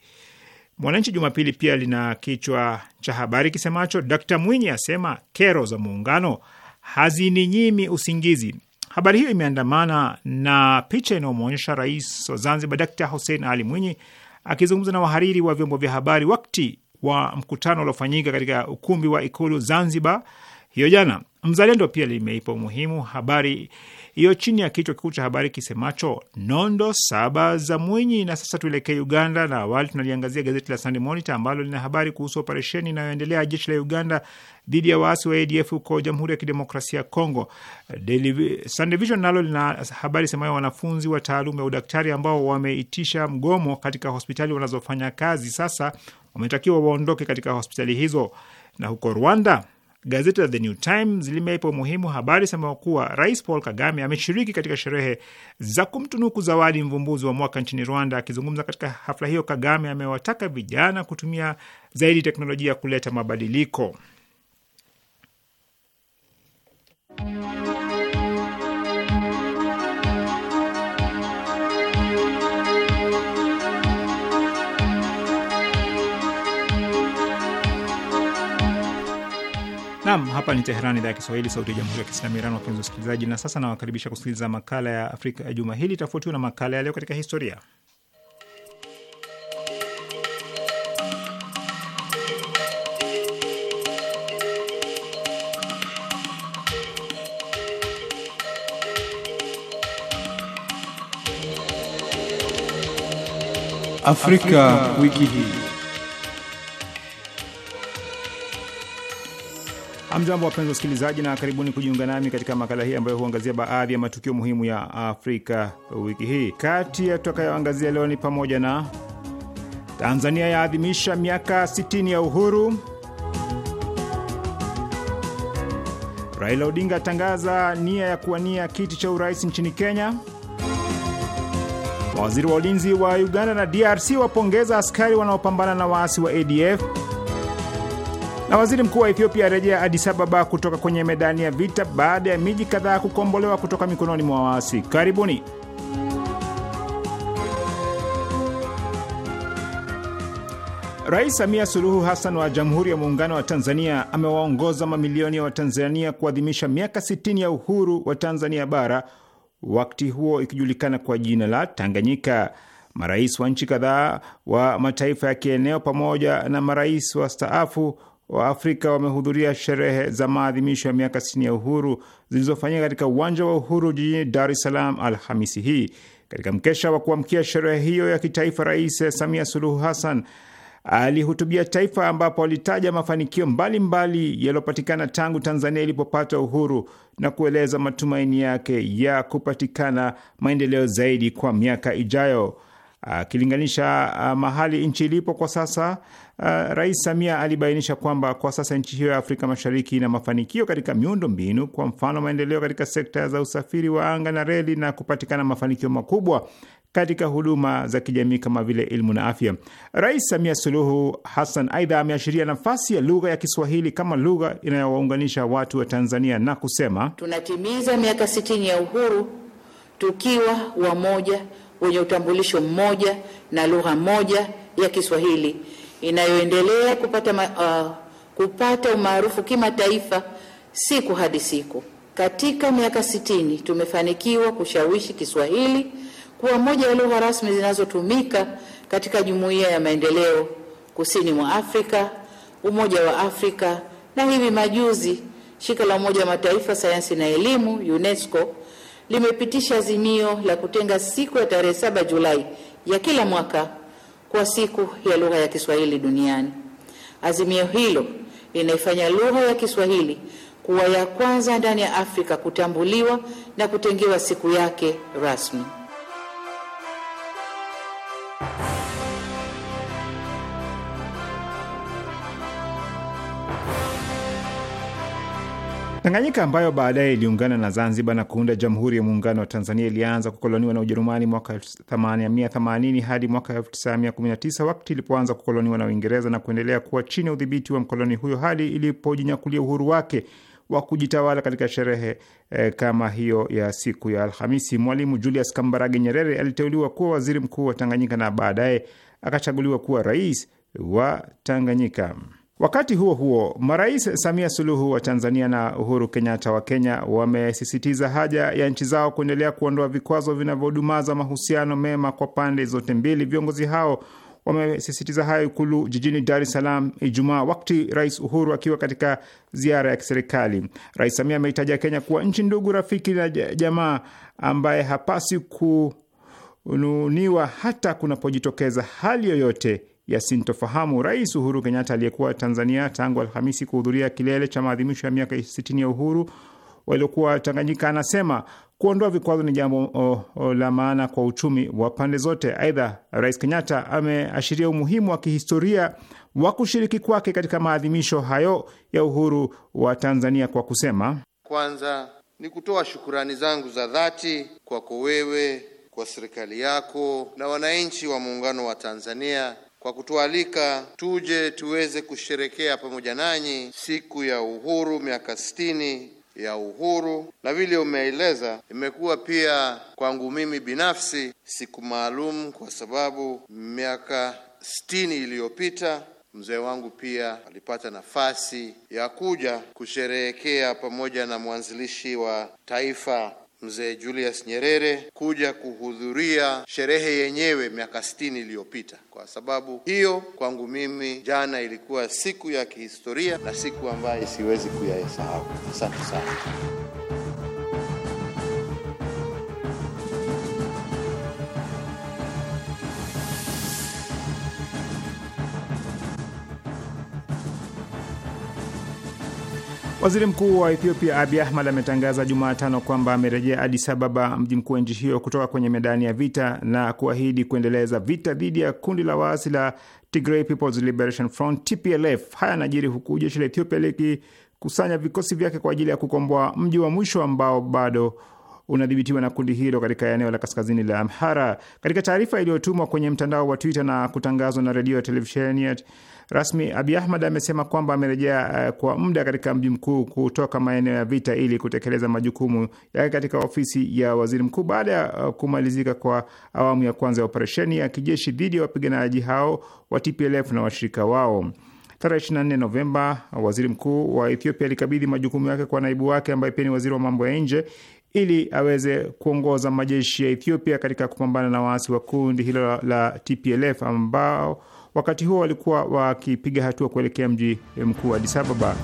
Mwananchi Jumapili pia lina kichwa cha habari kisemacho Dkt Mwinyi asema kero za muungano hazininyimi usingizi. Habari hiyo imeandamana na picha inayomwonyesha rais wa Zanzibar Dkt Hussein Ali Mwinyi akizungumza na wahariri wa vyombo vya habari wakati wa mkutano uliofanyika katika ukumbi wa Ikulu Zanzibar hiyo jana. Mzalendo pia limeipa umuhimu habari hiyo chini ya kichwa kikuu cha habari kisemacho nondo saba za Mwinyi. Na sasa tuelekee Uganda, na awali tunaliangazia gazeti la Sunday Monitor ambalo lina habari kuhusu operesheni inayoendelea jeshi la Uganda dhidi ya waasi wa ADF huko Jamhuri ya Kidemokrasia ya Kongo. Sunday Vision nalo lina habari semayo wanafunzi wa taaluma ya udaktari ambao wameitisha mgomo katika hospitali wanazofanya kazi sasa wametakiwa waondoke katika hospitali hizo. Na huko Rwanda Gazeti la The New Times limeipa umuhimu habari sema kuwa Rais Paul Kagame ameshiriki katika sherehe za kumtunuku zawadi mvumbuzi wa mwaka nchini Rwanda. Akizungumza katika hafla hiyo, Kagame amewataka vijana kutumia zaidi teknolojia kuleta mabadiliko. Hapa ni Teheran, idhaa ya Kiswahili, sauti ya jamhuri ya kiislamu Iran. Wapenzi wasikilizaji, na sasa nawakaribisha kusikiliza makala ya Afrika ya juma hili, tofautiwa na makala ya leo katika historia. Afrika, Afrika wiki hii. Hamjambo, wapenzi wasikilizaji, na karibuni kujiunga nami katika makala hii ambayo huangazia baadhi ya matukio muhimu ya Afrika wiki hii. Kati ya tutakayoangazia leo ni pamoja na Tanzania yaadhimisha miaka 60 ya uhuru, Raila Odinga atangaza nia ya kuwania kiti cha urais nchini Kenya, waziri wa ulinzi wa Uganda na DRC wapongeza askari wanaopambana na waasi wa ADF na waziri mkuu wa Ethiopia arejea Addis Ababa kutoka kwenye medani ya vita baada ya miji kadhaa kukombolewa kutoka mikononi mwa waasi. Karibuni. Rais Samia Suluhu Hassan wa Jamhuri ya Muungano wa Tanzania amewaongoza mamilioni ya Watanzania kuadhimisha miaka 60 ya uhuru wa Tanzania bara, wakati huo ikijulikana kwa jina la Tanganyika. Marais wa nchi kadhaa wa mataifa ya kieneo pamoja na marais wastaafu wa Afrika wamehudhuria sherehe za maadhimisho ya miaka 60 ya uhuru zilizofanyika katika uwanja wa Uhuru jijini Dar es Salaam Alhamisi hii. Katika mkesha wa kuamkia sherehe hiyo ya kitaifa, Rais Samia Suluhu Hassan alihutubia taifa ambapo alitaja mafanikio mbalimbali yaliyopatikana tangu Tanzania ilipopata uhuru na kueleza matumaini yake ya kupatikana maendeleo zaidi kwa miaka ijayo. Akilinganisha ah, ah, mahali nchi ilipo kwa sasa, ah, Rais Samia alibainisha kwamba kwa sasa nchi hiyo ya Afrika Mashariki ina mafanikio katika miundo mbinu, kwa mfano maendeleo katika sekta za usafiri wa anga na reli na kupatikana mafanikio makubwa katika huduma za kijamii kama vile elimu na afya. Rais Samia Suluhu Hassan aidha ameashiria nafasi ya lugha ya Kiswahili kama lugha inayowaunganisha watu wa Tanzania na kusema, tunatimiza miaka sitini ya uhuru tukiwa wamoja wenye utambulisho mmoja na lugha moja ya Kiswahili inayoendelea kupata, uh, kupata umaarufu kimataifa siku hadi siku. Katika miaka sitini tumefanikiwa kushawishi Kiswahili kuwa moja ya lugha rasmi zinazotumika katika Jumuiya ya Maendeleo Kusini mwa Afrika, Umoja wa Afrika na hivi majuzi shirika la Umoja wa Mataifa sayansi na elimu UNESCO limepitisha azimio la kutenga siku ya tarehe saba Julai ya kila mwaka kwa siku ya lugha ya Kiswahili duniani. Azimio hilo linaifanya lugha ya Kiswahili kuwa ya kwanza ndani ya Afrika kutambuliwa na kutengewa siku yake rasmi. Tanganyika ambayo baadaye iliungana na Zanzibar na kuunda Jamhuri ya Muungano wa Tanzania ilianza kukoloniwa na Ujerumani mwaka 1880 hadi mwaka 1919 wakati ilipoanza kukoloniwa na Uingereza na kuendelea kuwa chini ya udhibiti wa mkoloni huyo hadi ilipojinyakulia uhuru wake wa kujitawala katika sherehe eh, kama hiyo ya siku ya Alhamisi. Mwalimu Julius Kambarage Nyerere aliteuliwa kuwa waziri mkuu wa Tanganyika na baadaye akachaguliwa kuwa rais wa Tanganyika. Wakati huo huo, marais Samia Suluhu wa Tanzania na Uhuru Kenyatta wa Kenya wamesisitiza haja ya nchi zao kuendelea kuondoa vikwazo vinavyodumaza mahusiano mema kwa pande zote mbili. Viongozi hao wamesisitiza hayo Ikulu jijini Dar es Salaam Ijumaa, wakati Rais Uhuru akiwa katika ziara ya kiserikali. Rais Samia ameitaja Kenya kuwa nchi ndugu, rafiki na jamaa ambaye hapasi kununiwa hata kunapojitokeza hali yoyote ya sintofahamu. Rais Uhuru Kenyatta aliyekuwa Tanzania tangu Alhamisi kuhudhuria kilele cha maadhimisho ya miaka 60 ya uhuru waliokuwa Tanganyika, anasema kuondoa vikwazo ni jambo oh, oh, la maana kwa uchumi wa pande zote. Aidha, Rais Kenyatta ameashiria umuhimu wa kihistoria wa kushiriki kwake katika maadhimisho hayo ya uhuru wa Tanzania kwa kusema, kwanza ni kutoa shukurani zangu za dhati kwako wewe, kwa serikali yako na wananchi wa muungano wa Tanzania kwa kutualika tuje tuweze kusherekea pamoja nanyi siku ya uhuru, miaka sitini ya uhuru. Na vile umeeleza, imekuwa pia kwangu mimi binafsi siku maalum, kwa sababu miaka sitini iliyopita mzee wangu pia alipata nafasi ya kuja kusherehekea pamoja na mwanzilishi wa taifa Mzee Julius Nyerere kuja kuhudhuria sherehe yenyewe miaka sitini iliyopita. Kwa sababu hiyo, kwangu mimi jana ilikuwa siku ya kihistoria na siku ambayo siwezi kuyasahau. Asante sana. Waziri mkuu wa Ethiopia abi ahmad ametangaza Jumatano kwamba amerejea Addis Ababa, mji mkuu wa nchi hiyo, kutoka kwenye medani ya vita na kuahidi kuendeleza vita dhidi ya kundi la waasi la Tigray People's Liberation Front TPLF. Haya yanajiri huku jeshi la Ethiopia likikusanya vikosi vyake kwa ajili ya kukomboa mji wa mwisho ambao bado unadhibitiwa na kundi hilo katika eneo la kaskazini la Amhara. Katika taarifa iliyotumwa kwenye mtandao wa Twitter na kutangazwa na redio ya televisheni rasmi, Abi Ahmad amesema kwamba amerejea eh, kwa muda katika mji mkuu kutoka maeneo ya vita ili kutekeleza majukumu yake katika ofisi ya waziri mkuu baada ya eh, kumalizika kwa awamu ya kwanza ya operesheni ya kijeshi dhidi ya wapiganaji hao wa TPLF na washirika wao. Tarehe 24 Novemba, waziri mkuu wa Ethiopia alikabidhi majukumu yake kwa naibu wake ambaye pia ni waziri wa mambo ya nje ili aweze kuongoza majeshi ya Ethiopia katika kupambana na waasi wa kundi hilo la TPLF ambao Wakati huo walikuwa wakipiga hatua kuelekea mji mkuu Addis Ababa.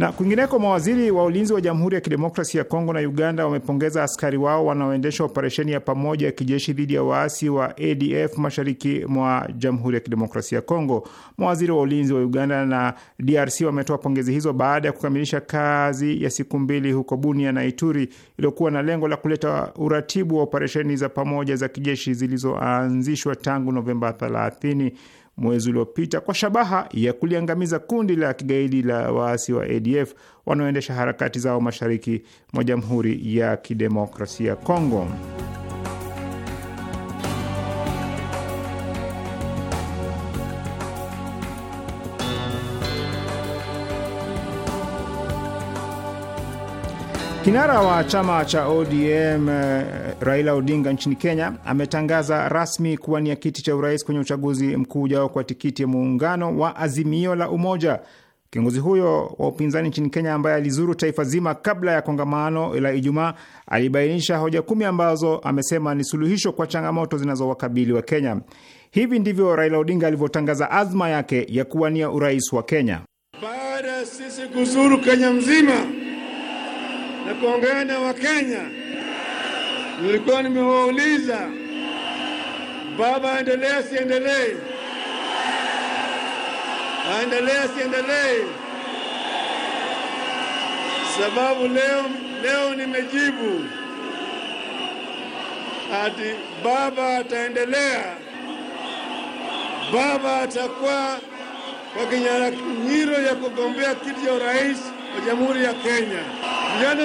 Na kwingineko, mawaziri wa ulinzi wa Jamhuri ya Kidemokrasia ya Kongo na Uganda wamepongeza askari wao wanaoendesha operesheni ya pamoja ya kijeshi dhidi ya waasi wa ADF mashariki mwa Jamhuri ya Kidemokrasia ya Kongo. Mawaziri wa ulinzi wa Uganda na DRC wametoa pongezi hizo baada ya kukamilisha kazi ya siku mbili huko Bunia na Ituri iliyokuwa na lengo la kuleta uratibu wa operesheni za pamoja za kijeshi zilizoanzishwa tangu Novemba 30 mwezi uliopita kwa shabaha ya kuliangamiza kundi la kigaidi la waasi wa ADF wanaoendesha harakati zao mashariki mwa Jamhuri ya Kidemokrasia congo Kinara wa chama cha ODM eh, Raila Odinga nchini Kenya ametangaza rasmi kuwania kiti cha urais kwenye uchaguzi mkuu ujao kwa tikiti ya muungano wa Azimio la Umoja. Kiongozi huyo wa upinzani nchini Kenya ambaye alizuru taifa zima kabla ya kongamano la Ijumaa alibainisha hoja kumi ambazo amesema ni suluhisho kwa changamoto zinazowakabili wa Kenya. Hivi ndivyo Raila Odinga alivyotangaza azma yake ya kuwania urais wa Kenya baada ya sisi kuzuru Kenya mzima na kuongea na Wakenya. Nilikuwa nimewauliza baba aendelee asiendelee, aendelee asiendelee, sababu leo, leo nimejibu ati baba ataendelea, baba atakuwa kwa kinyang'anyiro ya kugombea kiti cha urais wa Jamhuri ya Kenya. Vijana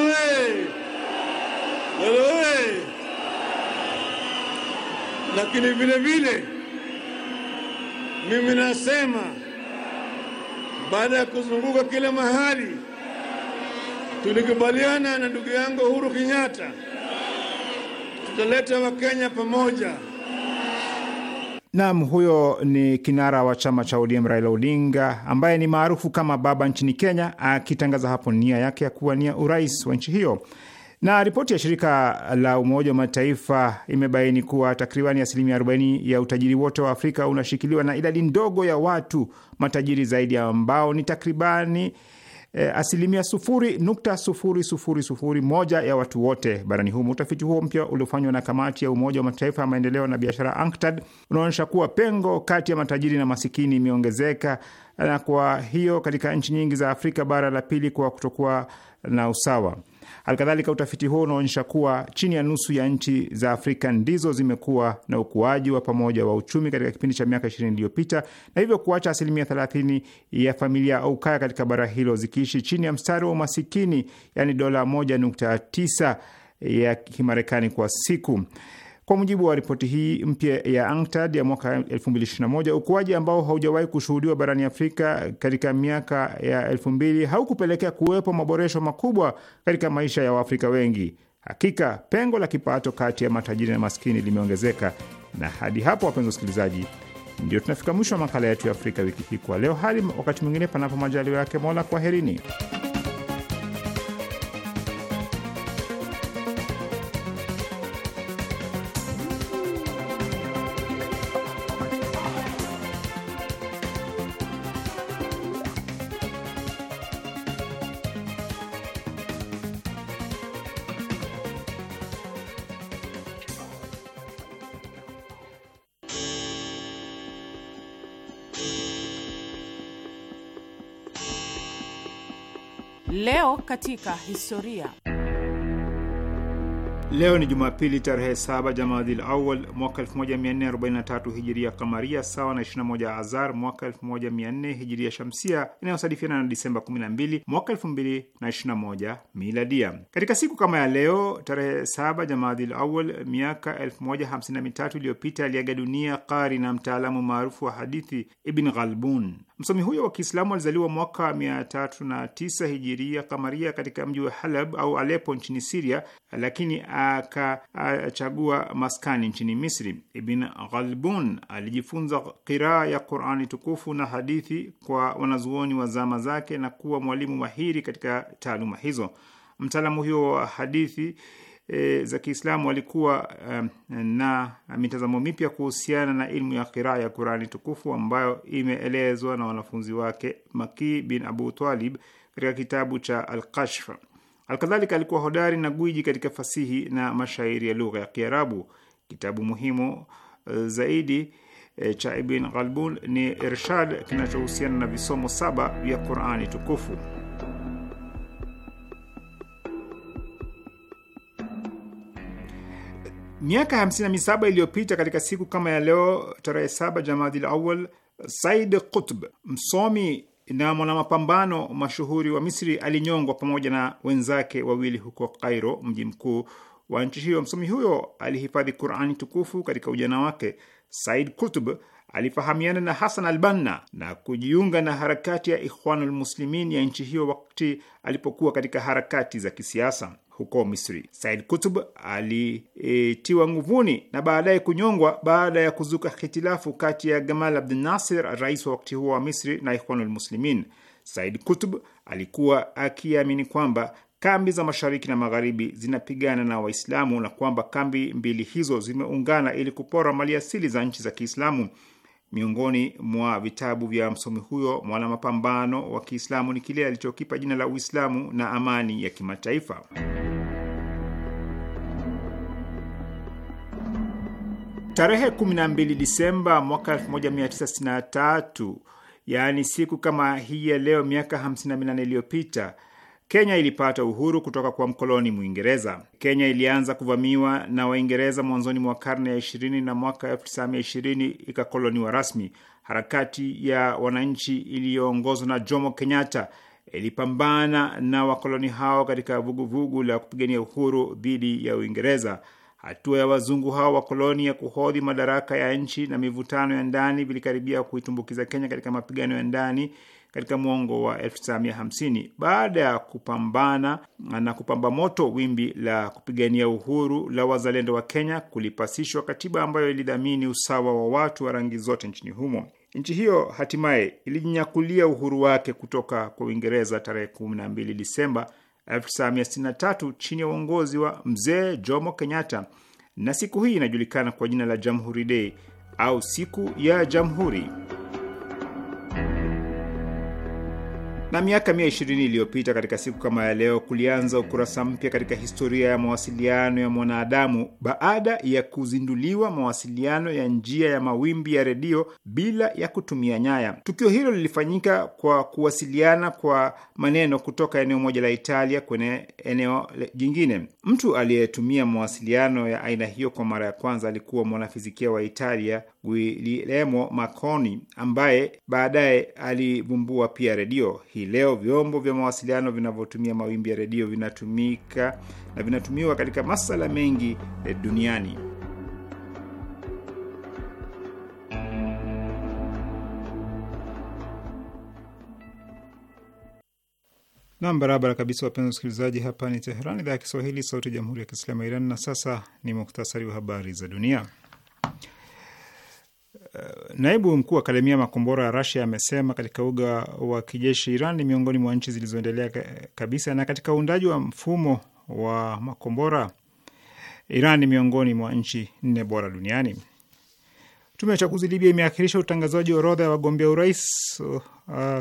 we wewe, lakini vile vile mimi nasema baada ya kuzunguka kila mahali, tulikubaliana na ndugu yangu Uhuru Kenyatta, tutaleta Wakenya pamoja. Nam, huyo ni kinara wa chama cha ODM Raila Odinga ambaye ni maarufu kama Baba nchini Kenya, akitangaza hapo nia yake ya kuwania urais wa nchi hiyo. Na ripoti ya shirika la Umoja wa Mataifa imebaini kuwa takribani asilimia 40 ya utajiri wote wa Afrika unashikiliwa na idadi ndogo ya watu matajiri zaidi ambao ni takribani Eh, asilimia sufuri nukta sufuri sufuri sufuri moja ya watu wote barani humo. Utafiti huo mpya uliofanywa na kamati ya Umoja wa Mataifa ya maendeleo na biashara ANKTAD unaonyesha kuwa pengo kati ya matajiri na masikini imeongezeka, na kwa hiyo katika nchi nyingi za Afrika bara la pili kwa kutokuwa na usawa Alkadhalika, utafiti huo unaonyesha kuwa chini ya nusu ya nchi za Afrika ndizo zimekuwa na ukuaji wa pamoja wa uchumi katika kipindi cha miaka ishirini iliyopita na hivyo kuacha asilimia thelathini ya familia au kaya katika bara hilo zikiishi chini ya mstari wa umasikini, yaani dola moja nukta tisa ya Kimarekani kwa siku. Kwa mujibu wa ripoti hii mpya ya UNCTAD ya mwaka 2021, ukuaji ambao haujawahi kushuhudiwa barani Afrika katika miaka ya 2000 haukupelekea kuwepo maboresho makubwa katika maisha ya Waafrika wengi. Hakika pengo la kipato kati ya matajiri na maskini limeongezeka. Na hadi hapo, wapenzi wasikilizaji, ndio tunafika mwisho wa makala yetu ya Afrika wiki hii kwa leo. Hadi wakati mwingine, panapo majaliwa yake Mola, kwaherini. katika historia. Leo ni Jumapili tarehe 7 Jamadil Awal mwaka 1443 hijiria kamaria, sawa na 21 Azar mwaka 1400 hijiria shamsia, inayosadifiana na Disemba 12 mwaka 2021 miladia. Katika siku kama ya leo tarehe 7 Jamadil Awal miaka 1053 iliyopita aliaga dunia qari na mtaalamu maarufu wa hadithi Ibn Ghalbun. Msomi huyo wa Kiislamu alizaliwa mwaka 309 hijiria kamaria katika mji wa Halab au Alepo nchini Siria, lakini akachagua maskani nchini Misri. Ibn Ghalbun alijifunza qiraa ya Qurani tukufu na hadithi kwa wanazuoni wa zama zake na kuwa mwalimu mahiri katika taaluma hizo. Mtaalamu huyo wa hadithi e, za Kiislamu alikuwa um, na mitazamo mipya kuhusiana na ilmu ya qiraa ya Qurani tukufu ambayo imeelezwa na wanafunzi wake Maki bin Abu Talib katika kitabu cha Alkashfa. Alkadhalika alikuwa hodari na gwiji katika fasihi na mashairi ya lugha ya Kiarabu. Kitabu muhimu eh, zaidi eh, cha Ibn Ghalbun ni Irshad kinachohusiana na visomo saba vya Qurani tukufu. Miaka 57 iliyopita katika siku kama ya leo, tarehe 7 Jamadil Awal, Said Qutb, msomi na mwanamapambano mashuhuri wa Misri alinyongwa pamoja na wenzake wawili huko Kairo, mji mkuu wa nchi hiyo. Msomi huyo alihifadhi Qurani tukufu katika ujana wake. Said Kutub alifahamiana na Hasan albanna na kujiunga na harakati ya Ikhwanul Muslimin ya nchi hiyo wakati alipokuwa katika harakati za kisiasa huko Misri. Said Kutub alitiwa nguvuni na baadaye kunyongwa baada ya kuzuka hitilafu kati ya Gamal Abdel Nasser, rais wa wakati huo wa Misri, na Ikhwanul Muslimin. Said Kutub alikuwa akiamini kwamba kambi za mashariki na magharibi zinapigana na Waislamu na kwamba kambi mbili hizo zimeungana ili kupora maliasili za nchi za Kiislamu. Miongoni mwa vitabu vya msomi huyo mwana mapambano wa Kiislamu ni kile alichokipa jina la Uislamu na Amani ya Kimataifa. Tarehe 12 Disemba mwaka 1963, yaani siku kama hii ya leo miaka 58 iliyopita Kenya ilipata uhuru kutoka kwa mkoloni Mwingereza. Kenya ilianza kuvamiwa na Waingereza mwanzoni mwa karne ya ishirini na mwaka elfu tisa mia ishirini ikakoloniwa rasmi. Harakati ya wananchi iliyoongozwa na Jomo Kenyatta ilipambana na wakoloni hao katika vuguvugu vugu la kupigania uhuru dhidi ya Uingereza. Hatua ya wazungu hao wakoloni ya kuhodhi madaraka ya nchi na mivutano ya ndani vilikaribia kuitumbukiza Kenya katika mapigano ya ndani katika mwongo wa 1950 baada ya kupambana na kupamba moto wimbi la kupigania uhuru la wazalendo wa Kenya, kulipasishwa katiba ambayo ilidhamini usawa wa watu wa rangi zote nchini humo. Nchi hiyo hatimaye ilijinyakulia uhuru wake kutoka kwa Uingereza tarehe 12 Disemba 1963 chini ya uongozi wa Mzee Jomo Kenyatta, na siku hii inajulikana kwa jina la Jamhuri Day au siku ya Jamhuri. Na miaka mia ishirini iliyopita katika siku kama ya leo kulianza ukurasa mpya katika historia ya mawasiliano ya mwanadamu baada ya kuzinduliwa mawasiliano ya njia ya mawimbi ya redio bila ya kutumia nyaya. Tukio hilo lilifanyika kwa kuwasiliana kwa maneno kutoka eneo moja la Italia kwenye eneo jingine. Mtu aliyetumia mawasiliano ya aina hiyo kwa mara ya kwanza alikuwa mwanafizikia wa Italia Guglielmo Marconi ambaye baadaye alivumbua pia redio hii hii leo vyombo vya mawasiliano vinavyotumia mawimbi ya redio vinatumika na vinatumiwa katika masala mengi duniani. Nam, barabara kabisa, wapenzi wasikilizaji. Hapa ni Teheran, idhaa ya Kiswahili, sauti ya jamhuri ya kiislamu ya Iran. Na sasa ni muktasari wa habari za dunia naibu mkuu wa akademia makombora ya Rasia amesema katika uga wa kijeshi Iran ni miongoni mwa nchi zilizoendelea kabisa, na katika uundaji wa mfumo wa makombora Iran ni miongoni mwa nchi nne bora duniani. Tume ya uchaguzi Libya imeakhirisha utangazaji wa orodha ya wagombea urais uh,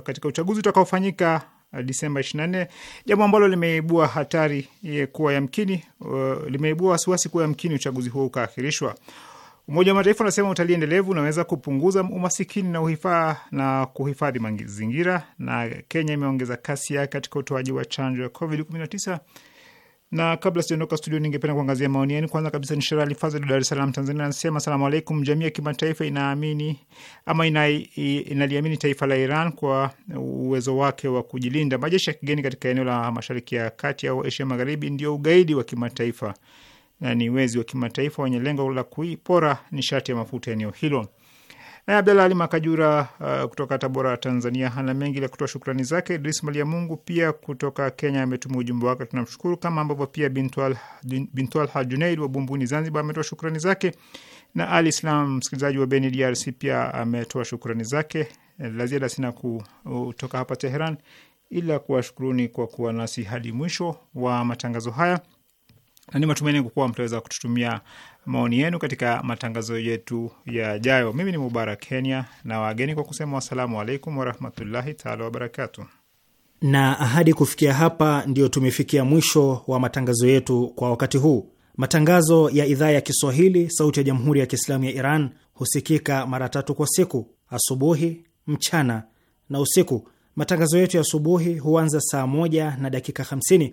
katika uchaguzi utakaofanyika uh, Disemba 24, jambo ambalo limeibua hatari eh, kuwa yamkini, uh, limeibua wasiwasi kuwa yamkini uchaguzi huo ukaakhirishwa. Umoja wa Mataifa unasema utalii endelevu unaweza kupunguza umasikini na uhifaa na kuhifadhi mazingira, na Kenya imeongeza kasi yake katika utoaji wa chanjo ya Covid 19 na kabla sijaondoka studio, ningependa kuangazia maoni yenu. Kwanza kabisa ni Sherali Fadhil, Dar es Salaam, Tanzania, anasema asalamu alaikum. Jamii ya kimataifa inaamini ama ina, inaliamini taifa la Iran kwa uwezo wake wa kujilinda. Majeshi ya kigeni katika eneo la mashariki ya kati au Asia magharibi ndio ugaidi wa kimataifa ni wezi wa kimataifa wenye lengo la kuipora nishati ya mafuta eneo hilo. Naye Abdalla Ali Makajura uh, kutoka Tabora, Tanzania, hana mengi la kutoa shukrani zake. Idris Malia Mungu pia kutoka Kenya ametuma ujumbe wake, tunamshukuru, kama ambavyo pia Bintual, Hajuneid wa Bumbuni, Zanzibar, ametoa shukrani zake, na Ali Islam, msikilizaji wa Beni, DRC, pia ametoa shukrani zake. La ziada sina kutoka hapa Teheran ila kuwashukuruni kwa kuwa nasi hadi mwisho wa matangazo haya na ni matumaini yangu kuwa mtaweza kututumia maoni yenu katika matangazo yetu yajayo. Mimi ni Mubarak Kenya na wageni kwa kusema wassalamu alaikum warahmatullahi taala wabarakatu. Na ahadi kufikia hapa, ndiyo tumefikia mwisho wa matangazo yetu kwa wakati huu. Matangazo ya idhaa ya Kiswahili sauti ya jamhuri ya Kiislamu ya Iran husikika mara tatu kwa siku: asubuhi, mchana na usiku. Matangazo yetu ya asubuhi huanza saa moja na dakika 50